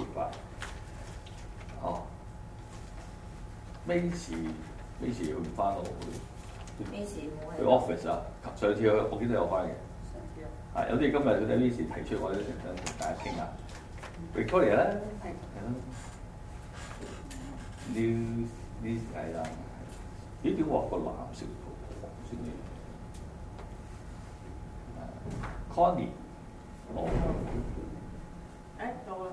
明白。哦，Miss，Miss 去唔翻咯？Miss 去。office 啊？及上次去，我記得有開嘅、啊。有、嗯哎。啊，有啲今日佢啲 Miss 提出，我咧想同大家傾下。Victoria 咧，New，New 係啦。呢啲話個男算唔算？Connie，冇。誒到啦。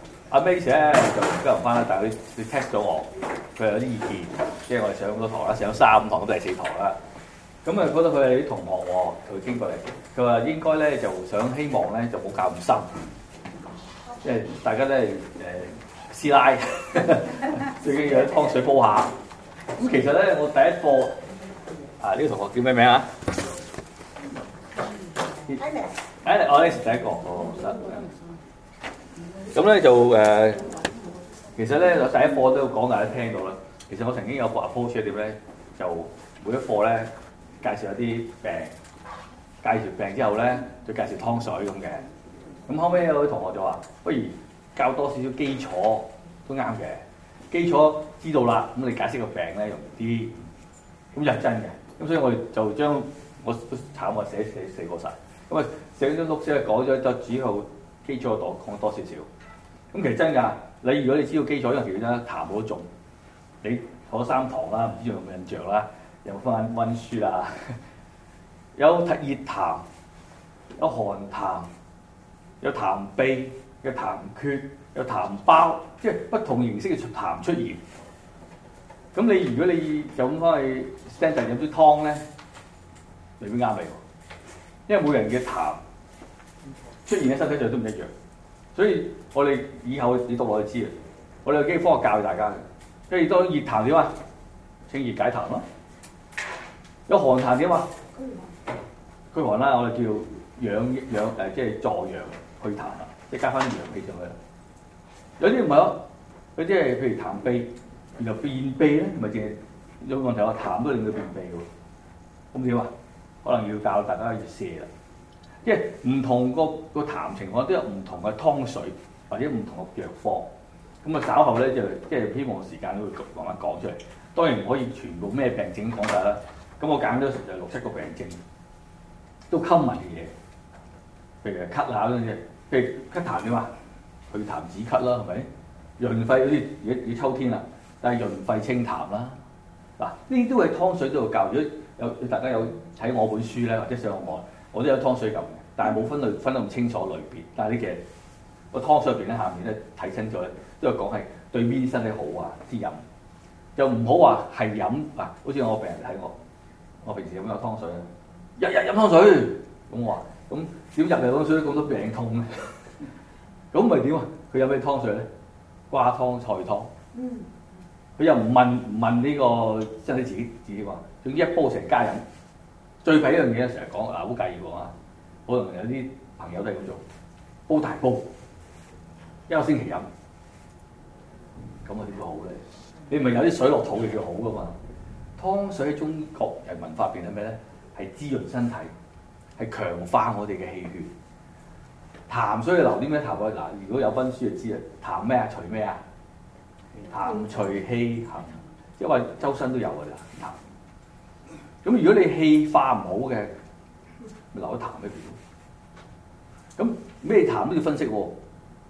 阿 Max 咧就唔跟人翻啦，但係佢佢 check 咗我，佢有啲意見，即係我哋上咗堂啦，上咗三堂都第四堂啦。咁啊，覺得佢哋啲同學喎，佢經過嚟，佢話應該咧就想希望咧就冇搞咁深，即係 Okay. 大家咧誒、呃、師奶， 最緊要有啲湯水煲下。咁其實咧，我第一課啊，呢、這個同學叫咩名啊我 l e 第一個，哦，第一咁咧就誒，uh、其實咧我第一課都有講大家聽到啦。其實我曾經有個 approach，係點咧？就每一課咧介紹一啲病，介紹病之後咧，就介紹湯水咁嘅。咁後尾有位同學就話：不如教多少少基礎都啱嘅，基礎知道啦，咁你解釋個病咧容易啲。咁就真嘅。咁所以我哋就將我慘啊，寫寫寫過曬。咁啊，寫咗六章，改咗就主要基礎多講多少少。咁其實真㗎，你如果你知道基礎，因為其實真痰好重，你學咗三堂啦，唔知有冇印象啦？有冇翻温書啊？有特熱痰，有寒痰，有痰秘，有痰厥，有痰包，即係不同形式嘅痰出現。咁你如果你又咁翻去 standard 飲啲湯咧，未必啱你，因為每人嘅痰出現喺身體上都唔一樣，所以。我哋以後你讀落去知啊！我哋有醫科教大家嘅，即係當熱痰點啊？清熱解痰咯。有寒痰點啊？驅寒啦，我哋叫養養誒，即係助陽去痰啦，即係加翻啲陽氣上去。有啲唔係咯，佢即係譬如痰滯，然後便秘咧，咪淨係有問題，我痰都令到便秘嘅喎。咁點啊？可能要教大家去瀉啦。即係唔同個、這個痰情況都有唔同嘅湯水。或者唔同嘅藥方，咁啊稍後咧就即係希望時間都會慢慢講出嚟。當然唔可以全部咩病症講晒啦。咁我揀咗成就是、六七個病症，都溝埋嘅嘢，譬如係咳啊嗰啲嘢，譬如咳痰點啊，去痰止咳啦，係咪？潤肺嗰啲，而家秋天啦，但係潤肺清痰啦。嗱，呢啲都係湯水度教。如果有大家有睇我本書咧，或者上網，我都有湯水咁嘅，但係冇分類分得咁清楚類別。但係呢啲嘢。個湯水入邊咧，下面咧睇清楚咧，都係講係對邊啲身體好啊，先飲。又唔好話係飲嗱，好似我病人睇我，我平時有冇飲湯水咧？日日飲湯水，咁我話咁點入嚟湯水都咁多病痛咧？咁咪點啊？佢飲咩湯水咧？瓜湯、菜湯。嗯。佢又唔問唔問呢個身體自己自己話，總之一煲成家飲。最弊一樣嘢成日講嗱，好介意講啊！可能有啲朋友都係咁做，煲大煲。一個星期飲，咁啊點會好咧？你唔係有啲水落肚就最好噶嘛？湯水喺中國人文化裏面係咩咧？係滋潤身體，係強化我哋嘅氣血。痰水你留啲咩痰啊？嗱，如果有分書就知啦。痰咩啊？除咩啊？痰除氣行，因為周身都有噶啦。痰。咁如果你氣化唔好嘅，咪留啲痰喺度。咁咩痰都要分析喎、啊。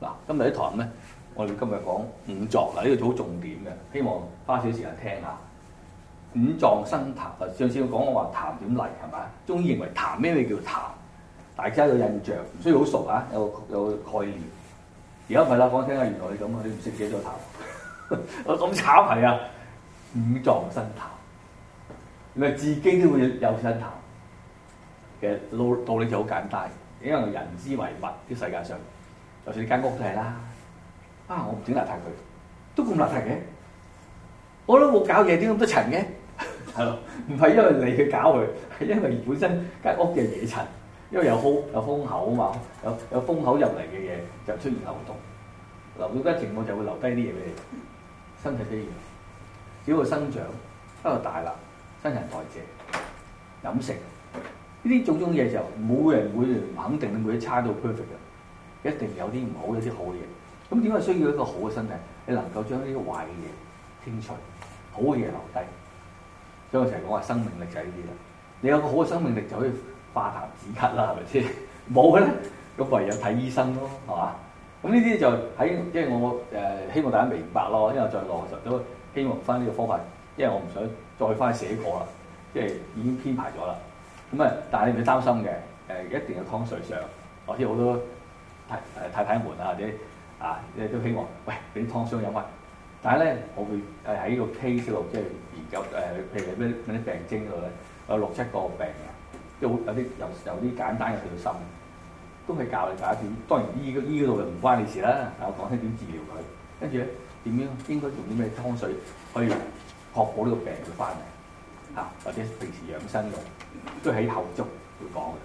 嗱，今日啲堂咧，我哋今日講五臟嗱，呢個好重點嘅，希望花少時間聽下五臟生痰啊！上次我講我話痰點嚟係咪？中醫認為痰咩你叫痰？大家有印象，唔需要好熟啊，有個概念。而家唔係啦，講聽下原來你咁啊，你唔識幾多痰？ 我咁慘係啊，五臟生痰，你話自己都會有生痰其實道理就好簡單，因為人之為物，啲世界上。就算間屋都係啦，啊！我唔整邋遢佢，都咁邋遢嘅，我都冇搞嘢，點咁多塵嘅？係 咯，唔係因為你去搞佢，係因為本身間屋嘅嘢塵，因為有空有風口啊嘛，有有風口入嚟嘅嘢就出現漏洞，留到一定程度就會留低啲嘢俾你，身體啲嘢，包括生長、包括大啦、新陳代謝、飲食，呢啲種種嘢就冇人會肯定你每一餐都 perfect 嘅。一定有啲唔好，有啲好嘅嘢。咁點解需要一個好嘅身體？你能夠將呢個壞嘅嘢清除，好嘅嘢留低。所以我成日講話生命力就係呢啲啦。你有個好嘅生命力就可以化痰止咳啦，係咪先？冇嘅咧，咁唯有睇醫生咯，係嘛？咁呢啲就喺因為我誒、呃、希望大家明白咯，因為我再落實都希望翻呢個方法，因為我唔想再翻寫過啦，即係已經編排咗啦。咁啊，但係你唔使擔心嘅誒、呃，一定嘅湯水上我亦好多。係誒，太太們啊，或者啊，即都希望餵俾啲湯水飲啊。但係咧，我會誒喺呢個 case 度，即、就、係、是、研究，誒、呃，譬如你咩咩病徵嗰度咧，我有六七個病嘅、啊，都有啲有有啲簡單嘅叫心，都係教你教一啲。當然醫醫嗰度就唔關你事啦。我、啊、講啲點治療佢，跟住咧點樣應該用啲咩湯水可以確保呢個病會翻嚟嚇，或者平時養生用都喺後續會講嘅，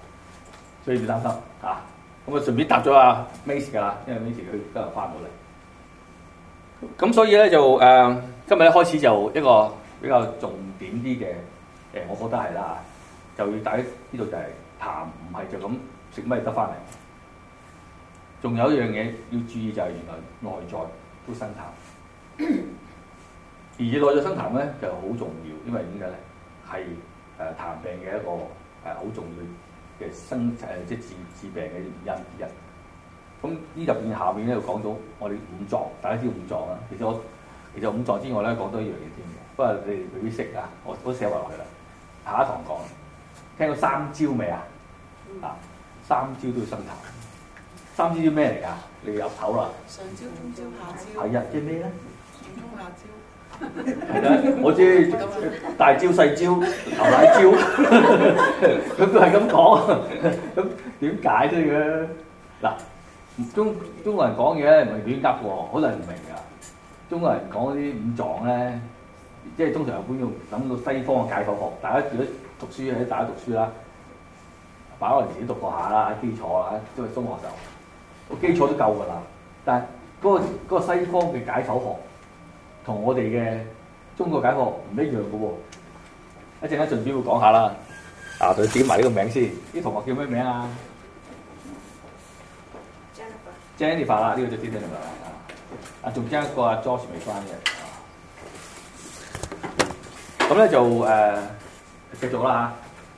所以要擔心嚇。啊咁啊，順便答咗阿 Maze 㗎啦，因為 Maze 佢今日翻到嚟，咁所以咧就誒、呃、今日一開始就一個比較重點啲嘅誒，我覺得係啦，就要大家呢度就係痰，唔係就咁食乜得翻嚟，仲有一樣嘢要注意就係原來內在都生痰，而內在生痰咧就好重要，因為點解咧？係誒、呃、痰病嘅一個誒好、呃、重要。嘅生誒即係致致病嘅原因之一。咁呢入邊下面咧就講到我哋五臟，大家知五臟啦。其實我其實我五臟之外咧講多一樣嘢添嘅。不過你哋未必識啊。我都寫埋落去啦。下一堂講。聽到三焦未啊？嗯、啊，三焦都要深談。三焦叫咩嚟㗎？你入頭啦。上焦、中焦、下焦。係啊，即係咩咧？ 係啊，我知大招細招頭大招，佢都係咁講，咁點解啫？嘅？嗱，中中國人講嘢咧唔係亂噏嘅喎，好多人唔明㗎。中國人講啲五臟咧，即係通常一般用諗到西方嘅解剖學。大家如果讀書喺大家讀書啦，擺我自己讀過下啦，基礎啦，即係中學就，候，基礎都夠㗎啦。但係、嗰、嗰個嗰、嗰個西方嘅解剖學。同我哋嘅中國解剖唔一樣嘅喎、啊，一陣間順便會講下啦。啊，佢點埋呢個名先？啲同學叫咩名啊？Jennifer。Jennifer、呃、啦，呢個就 Jennifer 啦。啊，仲爭 Josh 未翻嘅。咁咧就誒繼續啦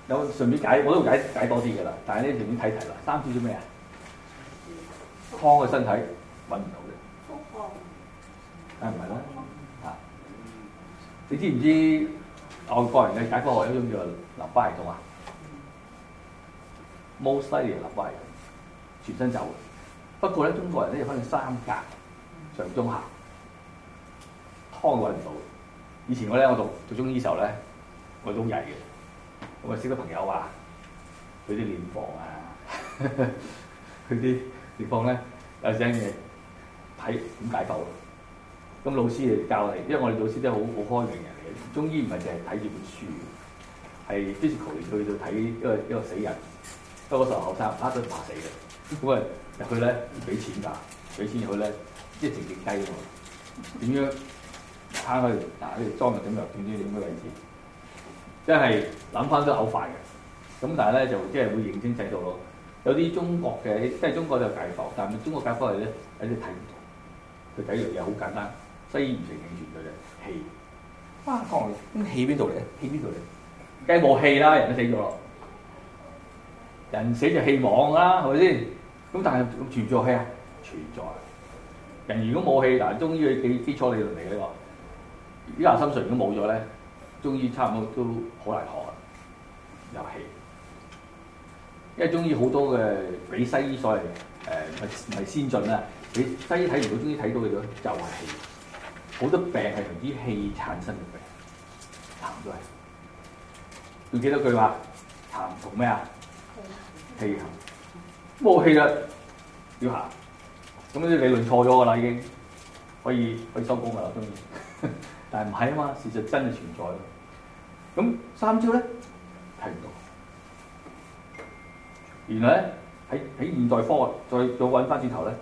嚇。有順便解，我都會解解多啲㗎、啊、啦。但係呢順便睇題啦。三知咗咩啊？湯嘅身體揾唔到嘅。湯。啊，唔係啦。你知唔知外國人嘅解剖學，一種叫做淋巴系統啊，冇嘅立啊淋巴，全身走。不過咧，中國人咧又分三格，上中下，湯都搵唔到。以前我咧，我讀讀中醫時候咧，我都曳嘅，咁啊識啲朋友話佢啲殮房啊，佢啲殮房咧有陣嘅，睇點解剖。咁老師就教你，因為我哋老師都係好好開明人嚟嘅。中醫唔係淨係睇住本書嘅，係 physical 嚟去到睇一個一個死人。嗰個時候後生，阿叔怕死嘅，咁、就是、啊入去咧俾錢㗎，俾錢入去咧即係靜靜雞喎。點樣攤開嗱呢度裝定點藥，點知點嘅位置？即係諗翻都好快嘅。咁但係咧就即係會認真制度咯。有啲中國嘅即係中國就解剖，但係中國解剖係咧有啲睇唔到，佢睇嘢又好簡單。西醫唔成氣全咗啫，氣哇講咁、哦、氣邊度嚟啊？氣邊度嚟？梗係冇氣啦，人都死咗咯，人死就氣亡啦，係咪先？咁但係存在氣啊？存在人如果冇氣嗱，中醫嘅基基礎理論嚟嘅呢個，啲核心髓如果冇咗咧，中醫差唔多都好難學啊，有氣，因為中醫好多嘅比西醫所謂誒咪咪先進啦，你西醫睇唔到，中醫睇到嘅就係氣。好多病係同啲氣產生嘅病，行咗嚟。仲記得句話？痰同咩啊？ 氣行冇氣啦，要行。咁呢啲理論錯咗㗎啦，已經可以可以，可以收工啦，中意。 但係唔係啊嘛？事實真係存在。咁三招咧睇唔到。原來咧喺喺現代科學再再揾翻轉頭咧，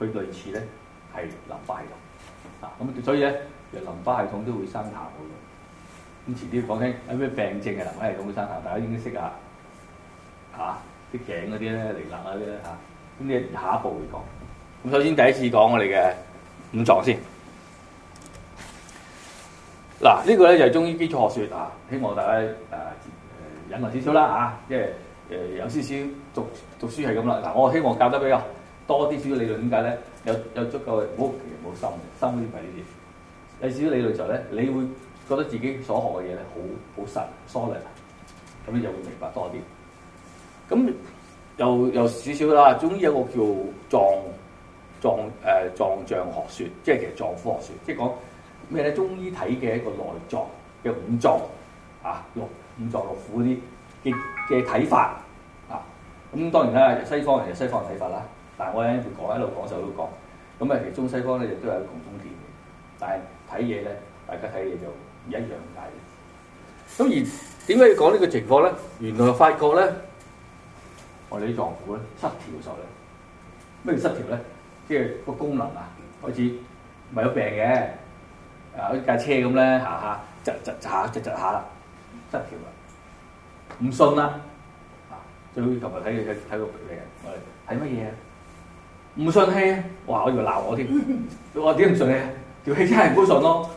佢類似咧係淋巴系統。咁、嗯，所以咧，若淋巴系統都會生痰。咁遲啲講聽，有咩病症嘅，淋巴系統會生痰。大家應該識下嚇，啲、啊、頸嗰啲咧，淋巴嗰啲咧嚇。咁、啊、你下一步嚟講，咁首先第一次講我哋嘅五臟先。嗱、啊，這個、呢個咧就係、是、中醫基礎學説嚇，希望大家誒忍耐少少啦嚇，即係誒有少少讀讀,讀書係咁啦。嗱、啊，我希望教得比較多啲少少理論點解咧？有有足夠，冇其實冇心嘅，心嗰啲唔係呢啲。有少少理論就咧，你會覺得自己所學嘅嘢咧，好好實，solid。咁你就會明白多啲。咁又有少少啦。中醫有一個叫臟藏誒藏象學說，即係其實臟腑學說，即係講咩咧？中醫睇嘅一個內臟嘅五臟啊，六五臟六腑嗰啲嘅嘅睇法啊。咁當然啦，西方人實西方嘅睇法啦。但係我喺度講喺度講，成日都講。咁啊，其實中西方咧亦都有共通點。但係睇嘢咧，大家睇嘢就唔一樣嘅。咁而點解要講呢個情況咧？原來發覺咧，我哋啲臟腑咧失調咗咧。咩失調咧？即係個功能啊，好似唔係有病嘅，誒好似架車咁咧，下下窒窒下窒窒下啦，失調啦。唔信啦？啊，最好琴日睇睇睇個病，我哋睇乜嘢啊？唔信氣，哇！我以為鬧我添，我點唔信氣？條、那個、氣真係唔好信咯、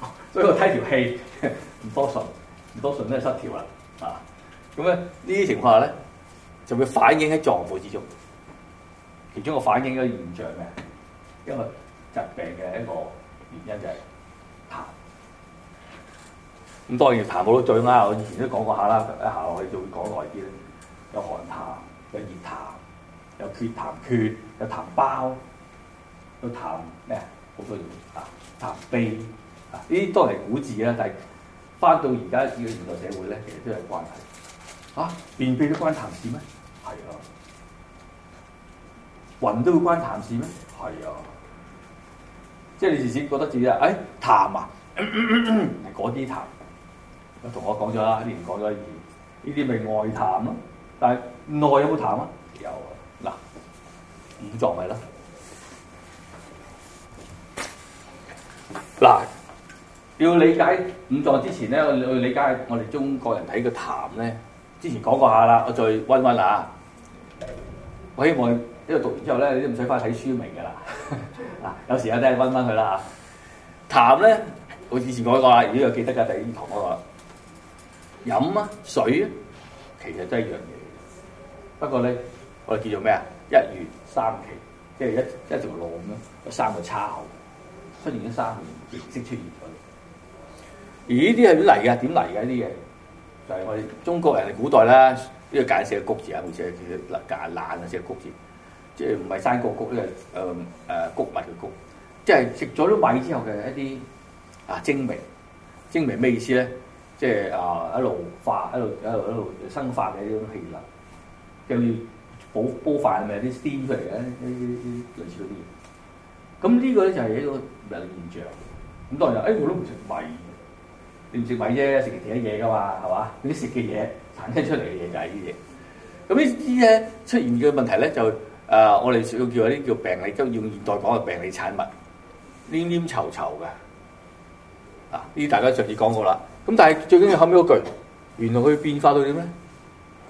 啊， 所以我睇條氣唔多信，唔多信都係失調啦、啊。啊，咁咧呢啲情況咧就會反映喺臟腑之中，其中一個反映嘅現象嘅，因為疾病嘅一個原因就係痰。咁當然痰冇得最啱，我以前都講過下啦，一下落去就會講耐啲咧。有寒痰，有熱痰，有缺痰，缺。有痰包，有痰咩？好多嘢啊！痰秘啊！呢啲都係古字啦，但係翻到而家呢個現代社會咧，其實都有關係嚇、啊。便祕都關痰事咩？係啊。暈都會關痰事咩？係啊。即係你自先覺得自己、哎、啊，誒痰咳咳啊，係嗰啲痰。我同我講咗啦，以唔講咗二，呢啲咪外痰咯。但係內有冇痰啊？有。五臟咪咯，嗱，要理解五臟之前咧，我要理解我哋中國人睇嘅痰咧，之前講過下啦，我再溫溫啦。我希望呢度讀完之後咧，你都唔使翻去睇書咁明㗎啦。嗱 有時間咧溫翻佢啦嚇。痰咧，我以前講過啦，如果有記得嘅第一堂我講。飲啊水啊，其實都係一樣嘢，不過咧我哋叫做咩啊？一元。三期，即係一一條路咁樣，有三個叉口，出現咗三年，形式出現咗，而呢啲係點嚟嘅？點嚟嘅呢啲嘢？就係、是、我哋中國人古代啦，呢、這個簡寫嘅谷字啊，好似嗱簡難啊，寫谷字，即係唔係山個谷咧？誒誒、嗯啊，谷物嘅谷，即係食咗啲米之後嘅一啲啊精明。精明咩意思咧？即、就、係、是、啊一路化，一路一路一路生化嘅呢種氣能。就要。煲煲飯咪有啲黐出嚟嘅，呢啲啲類似嗰啲嘢。咁呢個咧就係一個病理現象。咁當然、就是，誒、欸、我都唔食米，你唔食米啫，食其他嘢㗎嘛，係嘛？嗰啲食嘅嘢產生出嚟嘅嘢就係呢啲嘢。咁呢啲咧出現嘅問題咧就誒、呃，我哋叫叫啲叫病理，即係用現代講嘅病理產物，黏黏稠稠嘅。啊，呢啲大家上次講過啦。咁但係最緊要後尾嗰句，原來佢變化到點咧？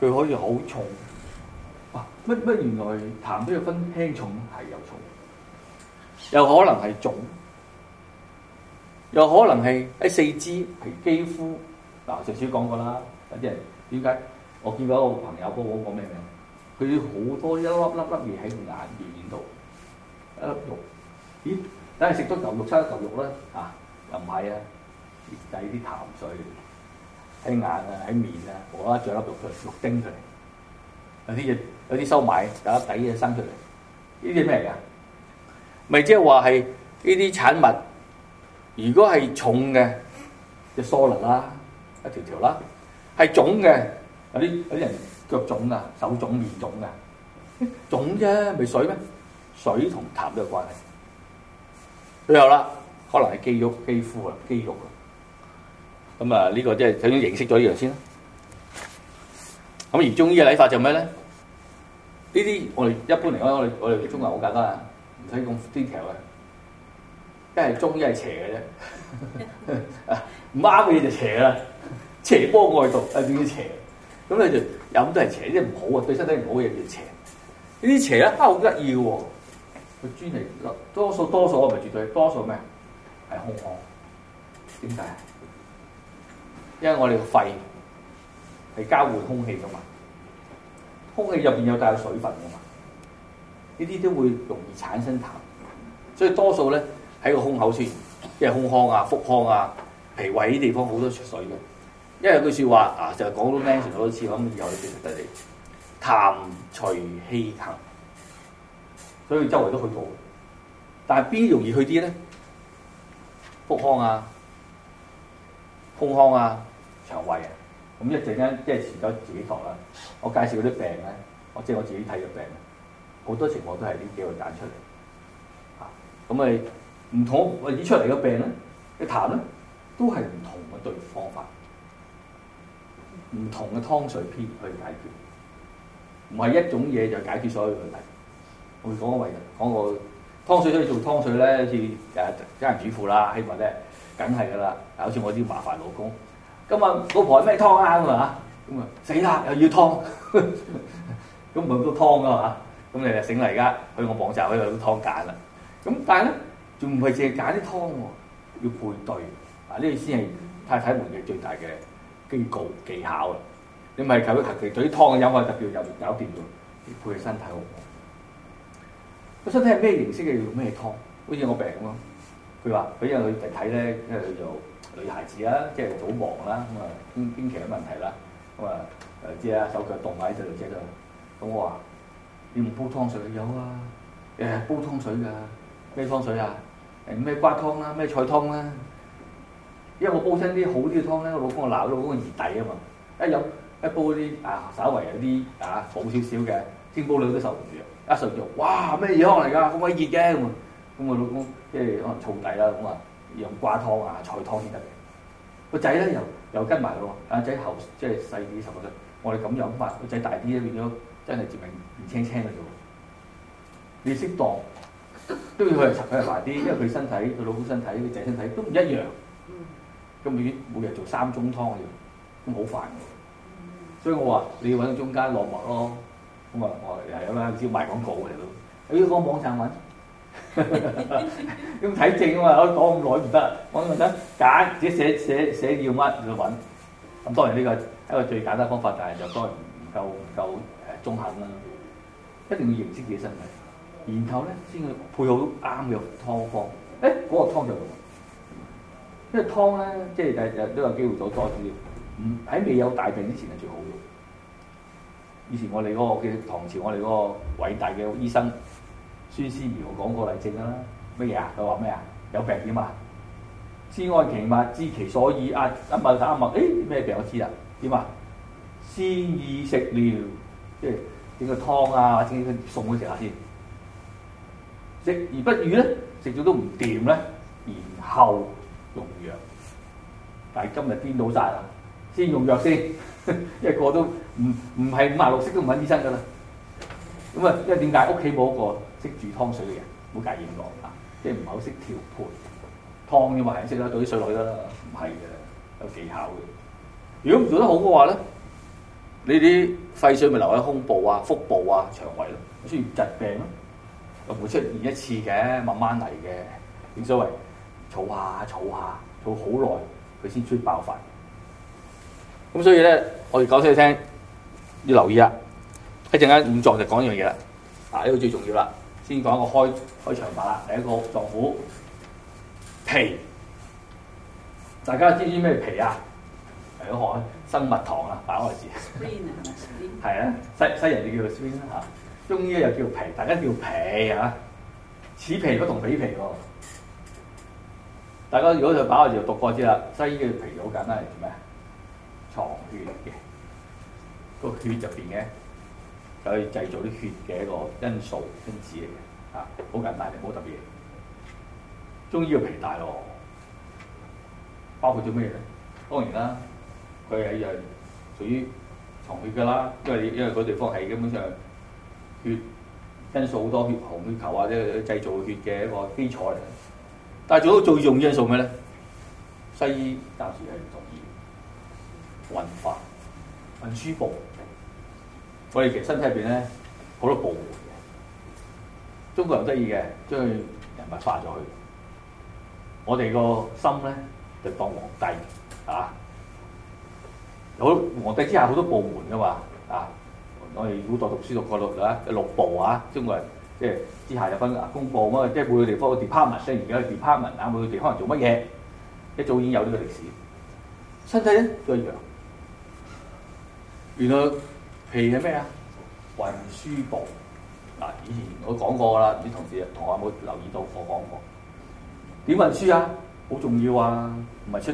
佢可以好重。乜乜原來痰都要分輕重，係有重，有可能係腫，有可能係喺四肢譬如肌膚。嗱、啊，上次講過啦，有啲人點解？我見過一個朋友、那個，嗰個咩名？佢好多一粒粒粒嘢喺個眼面度，一粒肉。咦？等係食咗嚿肉出一嚿肉啦嚇？又唔係啊？滯啲痰水喺眼啊喺面啊，我一再粒肉佢肉丁佢有啲嘢。有啲收埋有一底嘢生出嚟，呢啲咩嚟噶？咪即係話係呢啲產物。如果係重嘅，隻疏勒啦，一條條啦，係腫嘅，有啲有啲人腳腫啊，手腫、面腫嘅腫啫，咪水咩？水同痰都有關係。最後啦，可能係肌肉、肌膚肌肉啊。咁、這、啊、個就是，呢個即係首先認識咗呢樣先。咁而中醫嘅睇法做咩呢？呢啲我哋一般嚟講，我哋我哋嘅中藥好簡單啊，唔使咁 detail 啊，一係中一係邪嘅啫，唔啱嘅嘢就邪啦，邪幫外毒啊，點叫邪？咁你就飲都係邪，啲唔好啊，對身體唔好嘅嘢叫邪。呢啲邪咧，都好得意嘅喎，佢專嚟多數多數，多數我咪絕對多數咩？係空氣，點解？因為我哋個肺係交換空氣嘅嘛。空氣入邊有帶有水分㗎嘛？呢啲都會容易產生痰，所以多數咧喺個胸口先，即係胸腔啊、腹腔啊、脾胃呢地方好多出水嘅。因為有句説話啊，就係、講到 mention 好多次，咁以後變得你痰除氣痰，所以周圍都去到，但係邊容易去啲咧？腹腔啊、胸腔啊、腸胃啊。咁一陣間即係遲咗自己讀啦。我介紹啲病咧，我即係我自己睇嘅病，好多情況都係呢幾個揀出嚟嚇。咁咪唔同我揾出嚟嘅病咧，一談咧都係唔同嘅對方法，唔同嘅湯水偏去解決，唔係一種嘢就解決所有問題。我會講過為人，講過湯水都要做湯水咧，似誒家庭主婦啦，希望咧梗係噶啦，好似我啲麻煩老公。今日老婆係咩湯啱咁啊嚇，咁啊死啦！又要湯，咁唔係煲湯㗎嘛？咁你哋醒嚟而家去我網站喺度有湯揀啦。咁但係咧，仲唔係淨係揀啲湯喎？要配對啊！呢啲先係太太們嘅最大嘅機構技巧啦。你咪求其求其對湯飲我就叫又搞掂咗，配嘅身體好。我想睇係咩形式嘅要咩湯？好似我病咁咯。佢話佢因為佢嚟睇咧，跟住佢就。女孩子啦，即係早忙啦，咁啊，經經期嘅問題啦，咁啊，誒知啦，手腳凍埋喺度，只到，咁我話：你唔煲湯水有啊，誒、嗯、煲湯水㗎，咩湯水啊？誒咩骨湯啦，咩、啊、菜湯啦、啊。因為我煲親啲好啲嘅湯咧，我老公鬧我，我老公熱底啊嘛，一飲一煲啲啊，稍微有啲啊好少少嘅，先煲兩都受唔住，一上桌，哇咩嘢湯嚟㗎？咁鬼熱嘅，咁咁我老公即係可能燥底啦，咁話。用瓜湯啊，菜湯先得嘅，個仔咧又又跟埋佢喎。仔後，即係細啲十個歲，我哋咁樣法，個仔大啲咧變咗真係接近年輕青嘅啫喎。你適當都要佢係插佢係埋啲，因為佢身體、佢老公身體、佢仔身體都唔一樣。咁我每日做三盅湯要，咁好煩嘅。所以我話你要揾個中間落墨咯。咁啊，我係有啦，只要賣廣告嚟咯。你要喺網站揾。咁睇 症啊嘛，我講咁耐唔得，我咪想揀自己寫寫寫，寫要乜就揾。咁當然呢個一個最簡單方法，但係就當然唔夠唔夠誒、呃、中肯啦。一定要認識自己身體，然後咧先配好啱嘅湯方。誒、欸、嗰、那個湯就，因為湯咧即係日日都有機會阻多啲，唔、嗯、喺未有大病之前係最好嘅。以前我哋嗰個嘅唐朝，我哋嗰個偉大嘅醫生。孫思邈，我講過例證啦。乜嘢啊？佢話咩啊？有病點啊？知愛其物，知其所以。啊。阿文生，阿、嗯、文，誒、嗯、咩、哎、病我知啊？點啊？先以食療，即係整個湯啊個，或者餸佢食下先。食而不語咧，食咗都唔掂咧，然後用藥。但係今日顛倒晒啦，先用藥先，因為個都唔唔係五顏六色都唔揾醫生噶啦。咁啊，因為點解屋企冇個？識煮湯水嘅人，唔好介意咁啊！即係唔係好識調配湯嘅嘛，係唔識啦，倒啲水落去啦。唔係嘅，有技巧嘅。如果唔做得好嘅話咧，你啲廢水咪留喺胸部啊、腹部啊、腸胃咯、啊，出現疾病咯、啊。又唔會出現一次嘅，慢慢嚟嘅。正所謂，儲下儲下，儲好耐佢先出爆發。咁所以咧，我哋講聲聽，要留意啦。一陣間五臟就講呢樣嘢啦。啊，呢個最重要啦。先講個開開場白啦，第一個臟腑脾，大家知唔知咩脾啊？係學生物糖啊，反開始。g 係咪？ 啊，西西人就叫做 r e e n 啦嚇，中醫又叫脾，大家叫脾、啊。嚇。此脾不同彼脾喎，大家如果就把開始讀過知啦。西醫嘅脾好簡單，係做咩啊？藏血嘅，那個血入邊嘅。佢製造啲血嘅一個因素、因子嚟嘅，啊，好簡單嘅，冇特別。中醫嘅皮帶咯，包括咗咩咧？當然啦，佢係又屬於藏血㗎啦，因為因為嗰地方係基本上血因素，好多血紅血球啊，即係製造血嘅一個基礎嚟。但係做到最重要，er、因素咩咧？西醫暫時係唔同意運化運輸部。我哋其實身體入邊咧，好多部門嘅。中國人得意嘅將佢人物化咗去。我哋個心咧，就當皇帝，啊！好皇帝之下好多部門噶嘛，啊！我哋古代讀書讀過六啦，六部啊，中國人即係之下有分公部咁啊，即係每個地方 department 即係，而家 department 啊，每個地方係做乜嘢？一早已經有呢個歷史。身體咧都一樣，原來。脾係咩啊？運輸部嗱、啊，以前我講過啦，啲同事同我有冇留意到我講過？點運輸啊？好重要啊！唔係出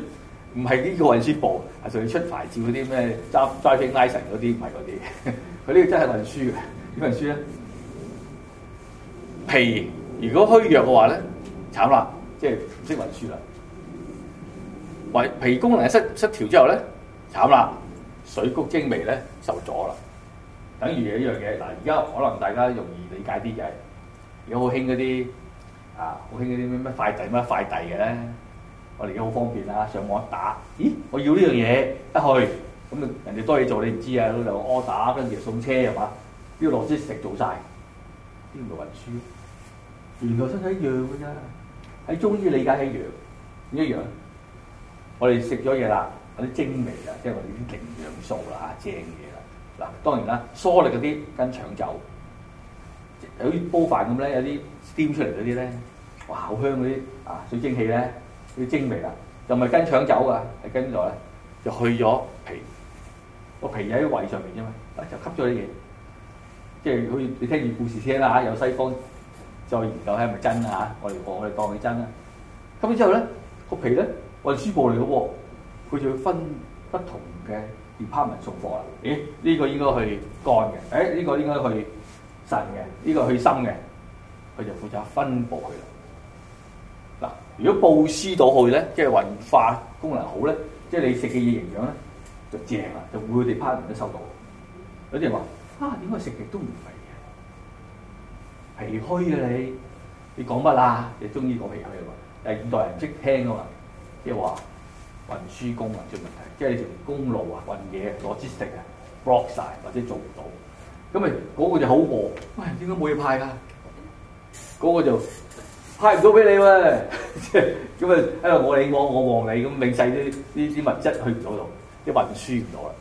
唔係呢個運輸部，係仲要出牌照嗰啲咩揸 driving license 嗰啲，唔係嗰啲。佢呢 個真係運輸嘅，點運輸咧、啊？脾如果虛弱嘅話咧，慘啦，即係唔識運輸啦。胃脾功能失失調之後咧，慘啦。水谷精微咧受阻啦，等於係一樣嘢嗱。而家可能大家容易理解啲嘅係而家好興嗰啲啊，好興嗰啲咩咩快遞咩快遞嘅咧，我哋而家好方便啦，上網打咦，我要呢樣嘢一去咁啊，人哋多嘢做你唔知啊，老豆 order 跟住送車係嘛，呢個落肢食做曬邊度運輸？原來真係一樣㗎咋，喺中醫理解係一樣一樣。樣我哋食咗嘢啦。嗰啲精微啊，即係我哋啲營養素啦，嚇，正嘢啦。嗱，當然啦，疏力嗰啲跟腸走，有啲煲飯咁咧，有啲掂出嚟嗰啲咧，哇，好香嗰啲啊，水蒸氣咧，啲精微啦，又咪跟腸走㗎，係跟咗咧，就去咗皮，個皮喺胃上面啫嘛，就吸咗啲嘢，即係好似你聽住故事聽啦嚇，有西方再研究係咪真啊嚇，我哋我哋當佢真啦，吸咗之後咧，個皮咧，我哋輸布嚟嘅喎。啊佢就要分不同嘅 department 送貨啦。咦？呢、這個應該去肝嘅，誒、這、呢個應該去腎嘅，呢、這個去心嘅，佢就負責分佈佢啦。嗱，如果布施到去咧，即係運化功能好咧，即係你食嘅嘢營養咧就正啦，就每個 department 都收到。有啲人話：啊，點解食極都唔肥啊？脾虛啊你，你講乜啊？你中醫講脾虛啊嘛，但係現代人唔識聽啊嘛，即係話。運輸供應嘅問題，即係你條公路啊，運嘢攞啲食啊，block 曬或者做唔到，咁咪嗰個就好餓，喂、哎，點解冇嘢派㗎？嗰、那個就派唔到俾你喎，即係咁啊喺度我你我我望你，咁永世啲啲啲物質去唔到度，啲運輸唔到啦。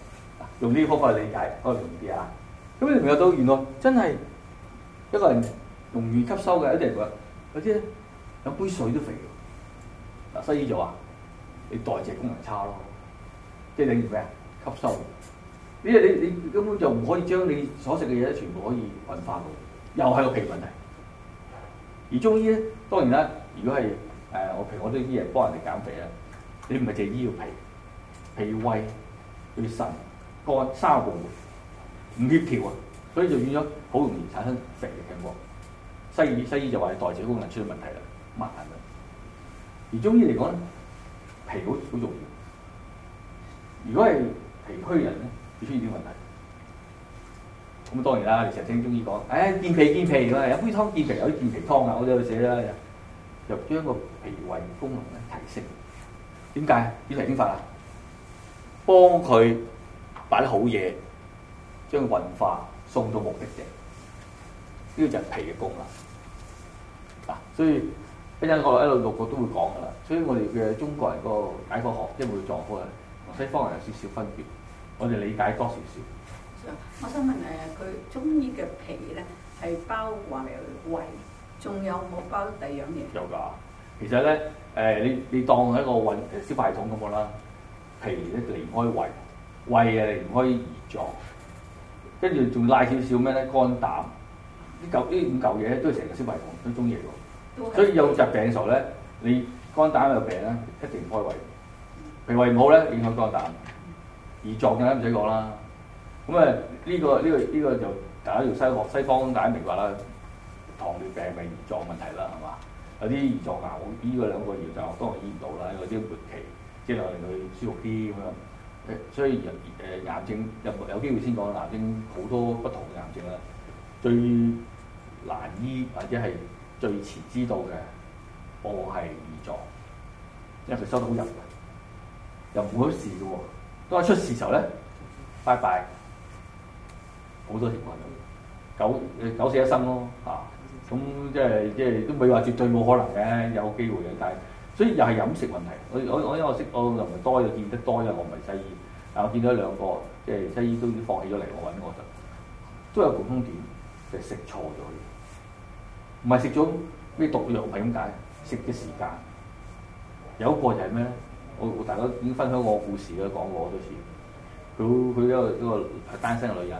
用呢方法去理解，可能容易啲啊。咁你仲有到原來真係一個人容易吸收嘅，有啲人話，嗰啲有杯水都肥。嗱，西醫就話。你代謝功能差咯，即係等於咩啊？吸收，因為你你根本就唔可以將你所食嘅嘢全部可以運化到，又係個脾問題。而中醫咧，當然啦，如果係誒我譬如我啲醫人幫人哋減肥咧，你唔係淨醫個脾，脾胃、對腎、肝三個部門唔協調啊，所以就變咗好容易產生肥嘅情況。西醫西醫就話你代謝功能出咗問題啦，慢啦。而中醫嚟講咧。脾好好重要。如果係脾虛人咧，會出現啲問題。咁當然啦，你成日聽中醫講，唉、哎、健脾健脾㗎嘛，有杯湯健脾，有啲健脾湯啊，我都有寫啦。又將個脾胃功能咧提升。點解？點嚟點法啊？幫佢擺好嘢，將運化送到目的地。呢、這個就係脾嘅功能。啊，所以。因我一路錄過都會講噶啦，所以我哋嘅中國人個解剖學即會撞況咧，同西方人有少少分別。我哋理解多少少。我想問誒，佢中醫嘅脾咧係包埋胃，仲有冇包第二樣嘢？有㗎。其實咧誒，你你當係一個運消化系統咁嘅啦。脾咧離唔開胃，胃又離唔開胰臟，跟住仲拉少少咩咧？肝膽呢嚿呢五嚿嘢都係成個消化系統都中意喎。所以有疾病嘅時候咧，你肝膽有病咧，一定開胃；脾胃唔好咧，影響肝膽。胰臟咧唔使講啦，咁啊呢個呢、這個呢、這個就大家要西學西方，大家明白啦。糖尿病咪胰臟問題啦，係嘛？有啲胰臟癌我醫，兩個兩個月就當然醫唔到啦。有啲末期，即係令佢舒服啲咁樣。所以人誒、呃、癌症，有冇有機會先講癌症？好多不同嘅癌症啦，最難醫或者係。最遲知道嘅，我係二咗，因為佢收到好入，又冇出事嘅喎。當佢出事時候咧，拜拜，好多情況，九九死一生咯嚇。咁、啊嗯、即係即係都未話絕對冇可能嘅，有機會嘅。但係所以又係飲食問題。我我我因為我識我又唔多又見得多，因為我唔係西醫，但我見到兩個即係西醫都已經放棄咗嚟，我揾我就都有共通點，就食錯咗。唔係食咗咩毒藥，係點解？食嘅時間。有一個就係咩咧？我，我大家已經分享過我故事啦，講過好多次。佢佢一個一個單身嘅女人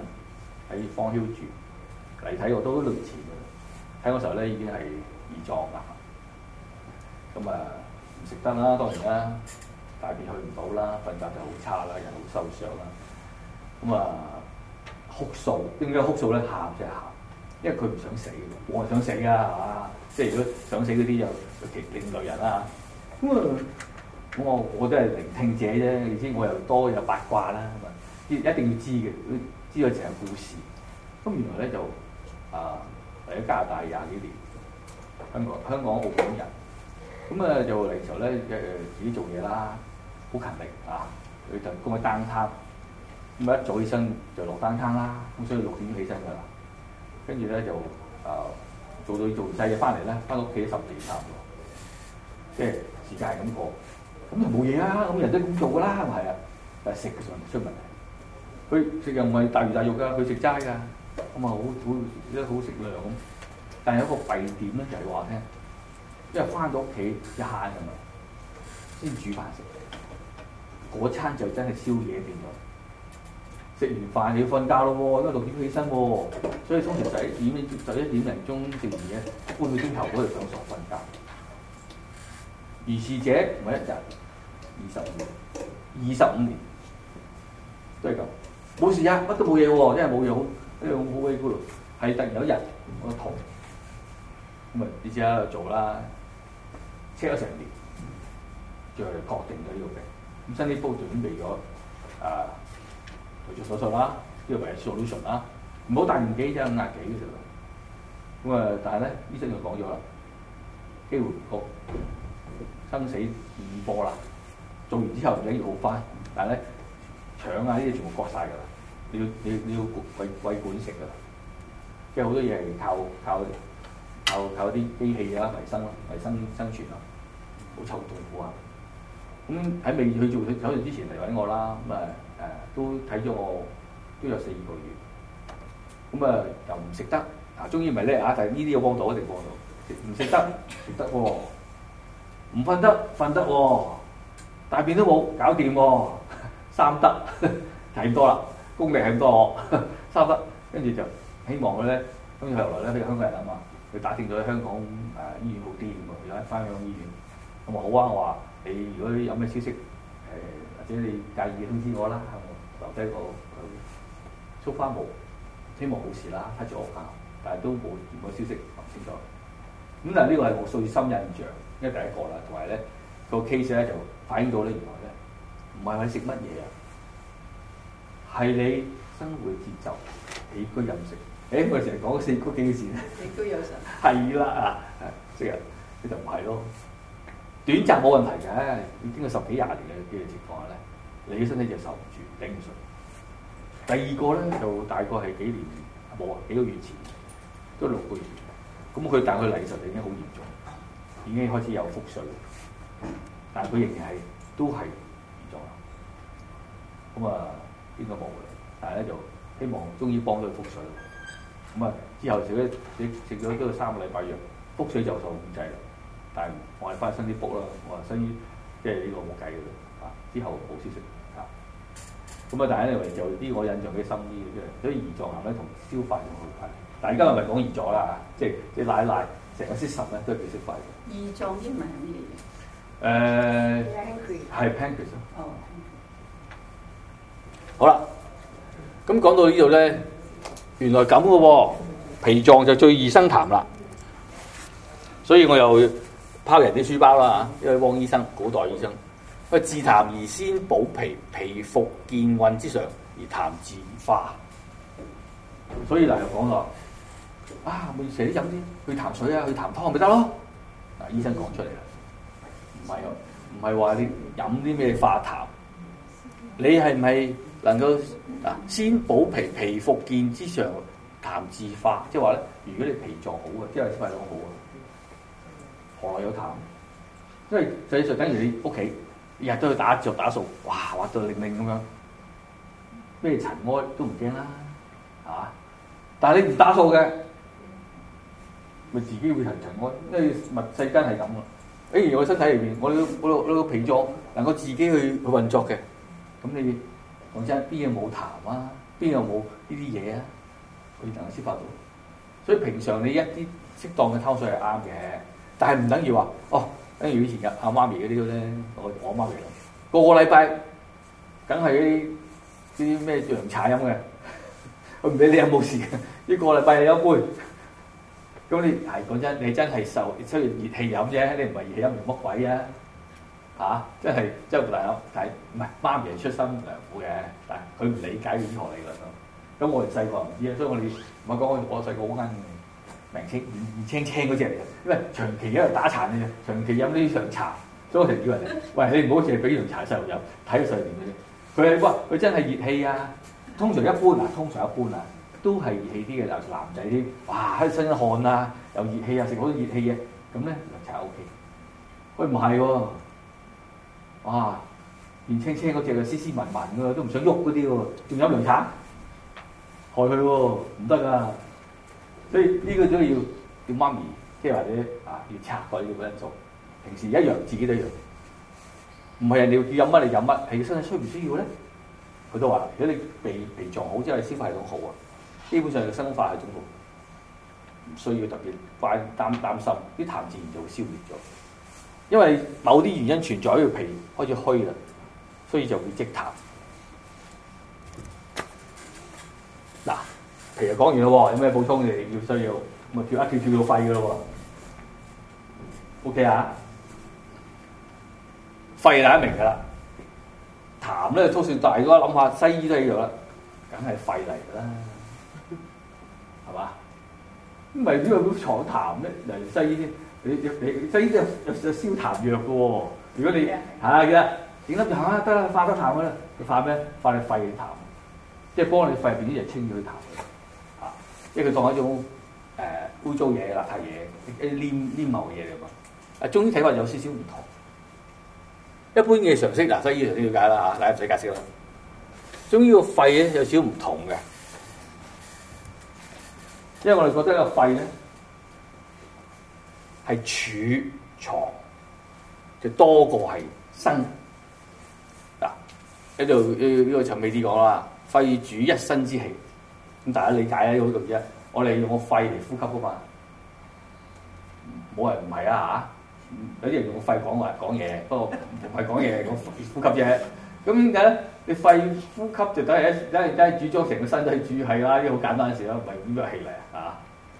喺芳丘住嚟睇我都好多年前嘅。睇嗰時候咧已經係胰臟啦。咁啊唔食得啦，當然啦，大便去唔到啦，瞓覺就好差啦，又好受傷啦。咁、嗯、啊哭訴，點解哭訴咧？喊就係喊。因為佢唔想死，我係想死啊！係嘛，即係如果想死嗰啲就極另類人啦、啊。咁、嗯、我我都係聆聽者啫，你知我又多有八卦啦。知一定要知嘅，知道成個故事。咁、啊、原來咧就啊嚟咗加拿大廿幾年，香港香港澳門人。咁啊就嚟時候咧誒自己做嘢啦，好勤力啊！佢就供喺單攤，咁啊，啊一早起身就落單攤啦，咁、啊、所以六點起身㗎啦。跟住咧就誒、呃、做到做完曬嘢翻嚟咧，翻到屋企十幾日差，即係時間係咁過，咁就冇嘢、啊、啦。咁人都咁做噶啦，係啊，但係食嘅時候出問題，佢食又唔係大魚大肉噶，佢食齋噶，咁啊好好，即係好食量咁，但係有一個弊點咧，就係話咧，因為翻到屋企一下咁，咪先煮飯食，嗰餐就真係宵夜變咗。食完飯你要瞓覺咯，因為六點起身喎，所以通常十一點、十一點零鐘食完嘢，半個鐘頭嗰度上床瞓覺。如是者，我一日、二十五、二十五年都係咁，冇事啊，乜都冇嘢喎，真係冇嘢，好，一樣好威觀咯。係突然有一日，我痛，咁啊，你自己喺度做啦 check 咗成年，就確定咗呢個病。咁新啲波就準備咗啊～、呃去做手術啦，呢個為 solution 啦，唔好大年紀啫，五廿幾嘅時候，咁啊，但係咧，醫生就講咗啦，機會好、哦，生死二波啦，做完之後仲要好翻，但係咧，腸啊呢啲全部割晒㗎啦，你要你要你要管管管食㗎，即係好多嘢係靠靠靠靠啲機器啊維生咯，維生，生生存啊，好臭痛苦啊，咁、嗯、喺未去做手術之前嚟揾我啦，咁啊～誒都睇咗我都有四個月，咁啊又唔食得，啊中醫咪叻啊，但係呢啲又幫到一定幫到，唔食得食得喎，唔瞓得瞓得喎，大便都冇搞掂喎，三得，睇咁多啦，功力係咁多，三得，跟住就希望佢咧，跟住後來咧，呢個香港人啊嘛，佢打聽咗香港誒醫院好啲咁啊，又翻香港醫院，好醫院好，我話好啊，我話你如果有咩消息。或者你介意通知我啦，我留低我束花毛，希望冇事啦，喺住學校，但係都冇任何消息，唔清楚。咁但係呢個係我最深印象，因為第一個啦，同埋咧個 case 咧就反映到咧原來咧唔係你食乜嘢啊，係你生活節奏、起居飲食。誒、欸，我成日講四谷幾時咧，起居有食係啦啊，係， 即係你就唔係咯。短暫冇問題嘅，已經係十幾廿年嘅呢個情況下。你起身咧就受唔住，頂唔順。第二個咧就大概係幾年冇啊幾個月前，都六個月。咁佢但係佢嚟嘅時候已經好嚴重，已經開始有腹水，但係佢仍然係都係嚴重。咁啊應該冇啦，但係咧就希望中醫幫到佢腹水。咁啊之後食咗食食咗都三個禮拜藥，腹水就受控制啦。但係我係翻去新啲 book 啦，我話新啲，即係呢個冇計嘅啊，之後冇消息啊。咁啊，第一咧就啲我印象幾深嘅，即係啲胰臟癌咧同消化咁好，但係而家我唔係講胰臟啦嚇，即係奶奶成個 C 十咧都係幾識快嘅。胰臟啲唔係咩嚟？誒，係 pancreas。哦。好啦，咁講到呢度咧，原來咁嘅喎，脾臟就最易生痰啦，所以我又。拋人啲書包啦嚇，因為汪醫生古代醫生，佢治痰而先補脾，脾復健運之上而痰自化。所以嗱又講話啊，咪成日飲啲去痰水啊，去痰湯咪得咯。嗱，醫生講出嚟啦，唔係喎，唔係話你飲啲咩化痰，你係唔係能夠啊先補脾，脾復健之上痰自化，即係話咧，如果你脾臟好啊，即係肺好啊。我有痰，啊，因為實在等於你屋企日日都去打、著、打掃，哇！滑到令令咁樣，咩塵埃都唔驚啦，嚇！但係你唔打掃嘅，咪自己會塵塵埃，因為物世間係咁，比如我身體裏面，我呢個呢個呢個脾臟能夠自己去去運作嘅，咁你講真，邊嘢冇痰啊？邊有冇呢啲嘢啊？佢就係消化到。所以平常你一啲適當嘅湯水係啱嘅。但係唔等於話哦，等於以前日阿、啊、媽咪嗰啲咧，我我、啊、媽咪個個禮拜，梗係啲啲咩涼茶飲嘅，佢唔理你有冇事，一個，個禮拜你一杯。咁你係講真，你真係受出現熱氣飲啫，你唔係熱氣飲，做乜鬼啊？嚇、啊！真係真係，但係唔係媽咪係出心良苦嘅，但係佢唔理解醫學理論咯。咁我哋細個唔知啊，所以我哋咪講我我細個好奀明青、完青青嗰隻嚟嘅，因為長期喺度打殘嘅，長期飲啲涼茶，所以我成日叫人哋：喂，你唔好成日俾涼茶細路飲，睇衰點嘅啫。佢係，哇，佢真係熱氣啊！通常一般嗱、啊，通常一般啊，都係熱氣啲嘅，尤其係男仔啲。哇，一身汗啊，又熱氣啊，食好多熱氣嘢、啊，咁咧涼茶 O、OK、K。佢唔係喎，哇，完青青嗰隻啊，斯斯文文㗎，都唔想喐嗰啲喎，仲飲涼茶，害佢喎，唔得㗎。所以呢、呢個都要叫媽咪，即係或者啊要察覺要咁樣做。平時一樣自己都一樣要，唔係人哋要飲乜你飲乜，係身體需唔需要咧？佢都話：如果你脾脾臟好之後，即係你消化系統好啊，基本上嘅生化系統唔需要特別快擔擔，擔心，啲痰自然就會消滅咗。因為某啲原因存在喺個脾開始虛啦，所以就會積痰。誒講完咯喎，有咩補充你要需要？咪叫跳一跳，跳到肺嘅咯喎。O K 啊，肺大，大家明嘅啦，痰咧都算大嘅啦。諗下西醫都一樣啦，梗係肺嚟啦，係嘛？咁咪因為咁闖痰咧，尤其西醫先，你你西醫都有有消痰藥嘅喎。如果你係嘅，影粒痰啊，啊，啊得啦，化粒痰嘅啦，化咩？化你肺嘅痰，即係幫你肺邊啲嘢清咗啲痰。即係佢當一種誒污糟嘢、邋遢嘢、一黏黏毛嘢嚟㗎。啊，中醫睇法有少少唔同。一般嘅常識嗱，西醫常識了解啦嚇，大家唔使解釋啦。中醫個肺咧有少少唔同嘅，因為我哋覺得呢個肺咧係儲藏，就多過係生。嗱、嗯，喺度呢個陳美子講啦，肺主一身之氣。咁大家理解啊，呢度啫。我哋用個肺嚟呼吸噶嘛，冇人唔係啊嚇。有啲人用個肺講話講嘢，不過唔係講嘢，講呼吸啫。咁點解咧？你肺呼吸就等於一等一間組裝成個身體主係啦，呢個、啊、好簡單嘅事啦，唔係咁多氣嚟啊，嚇！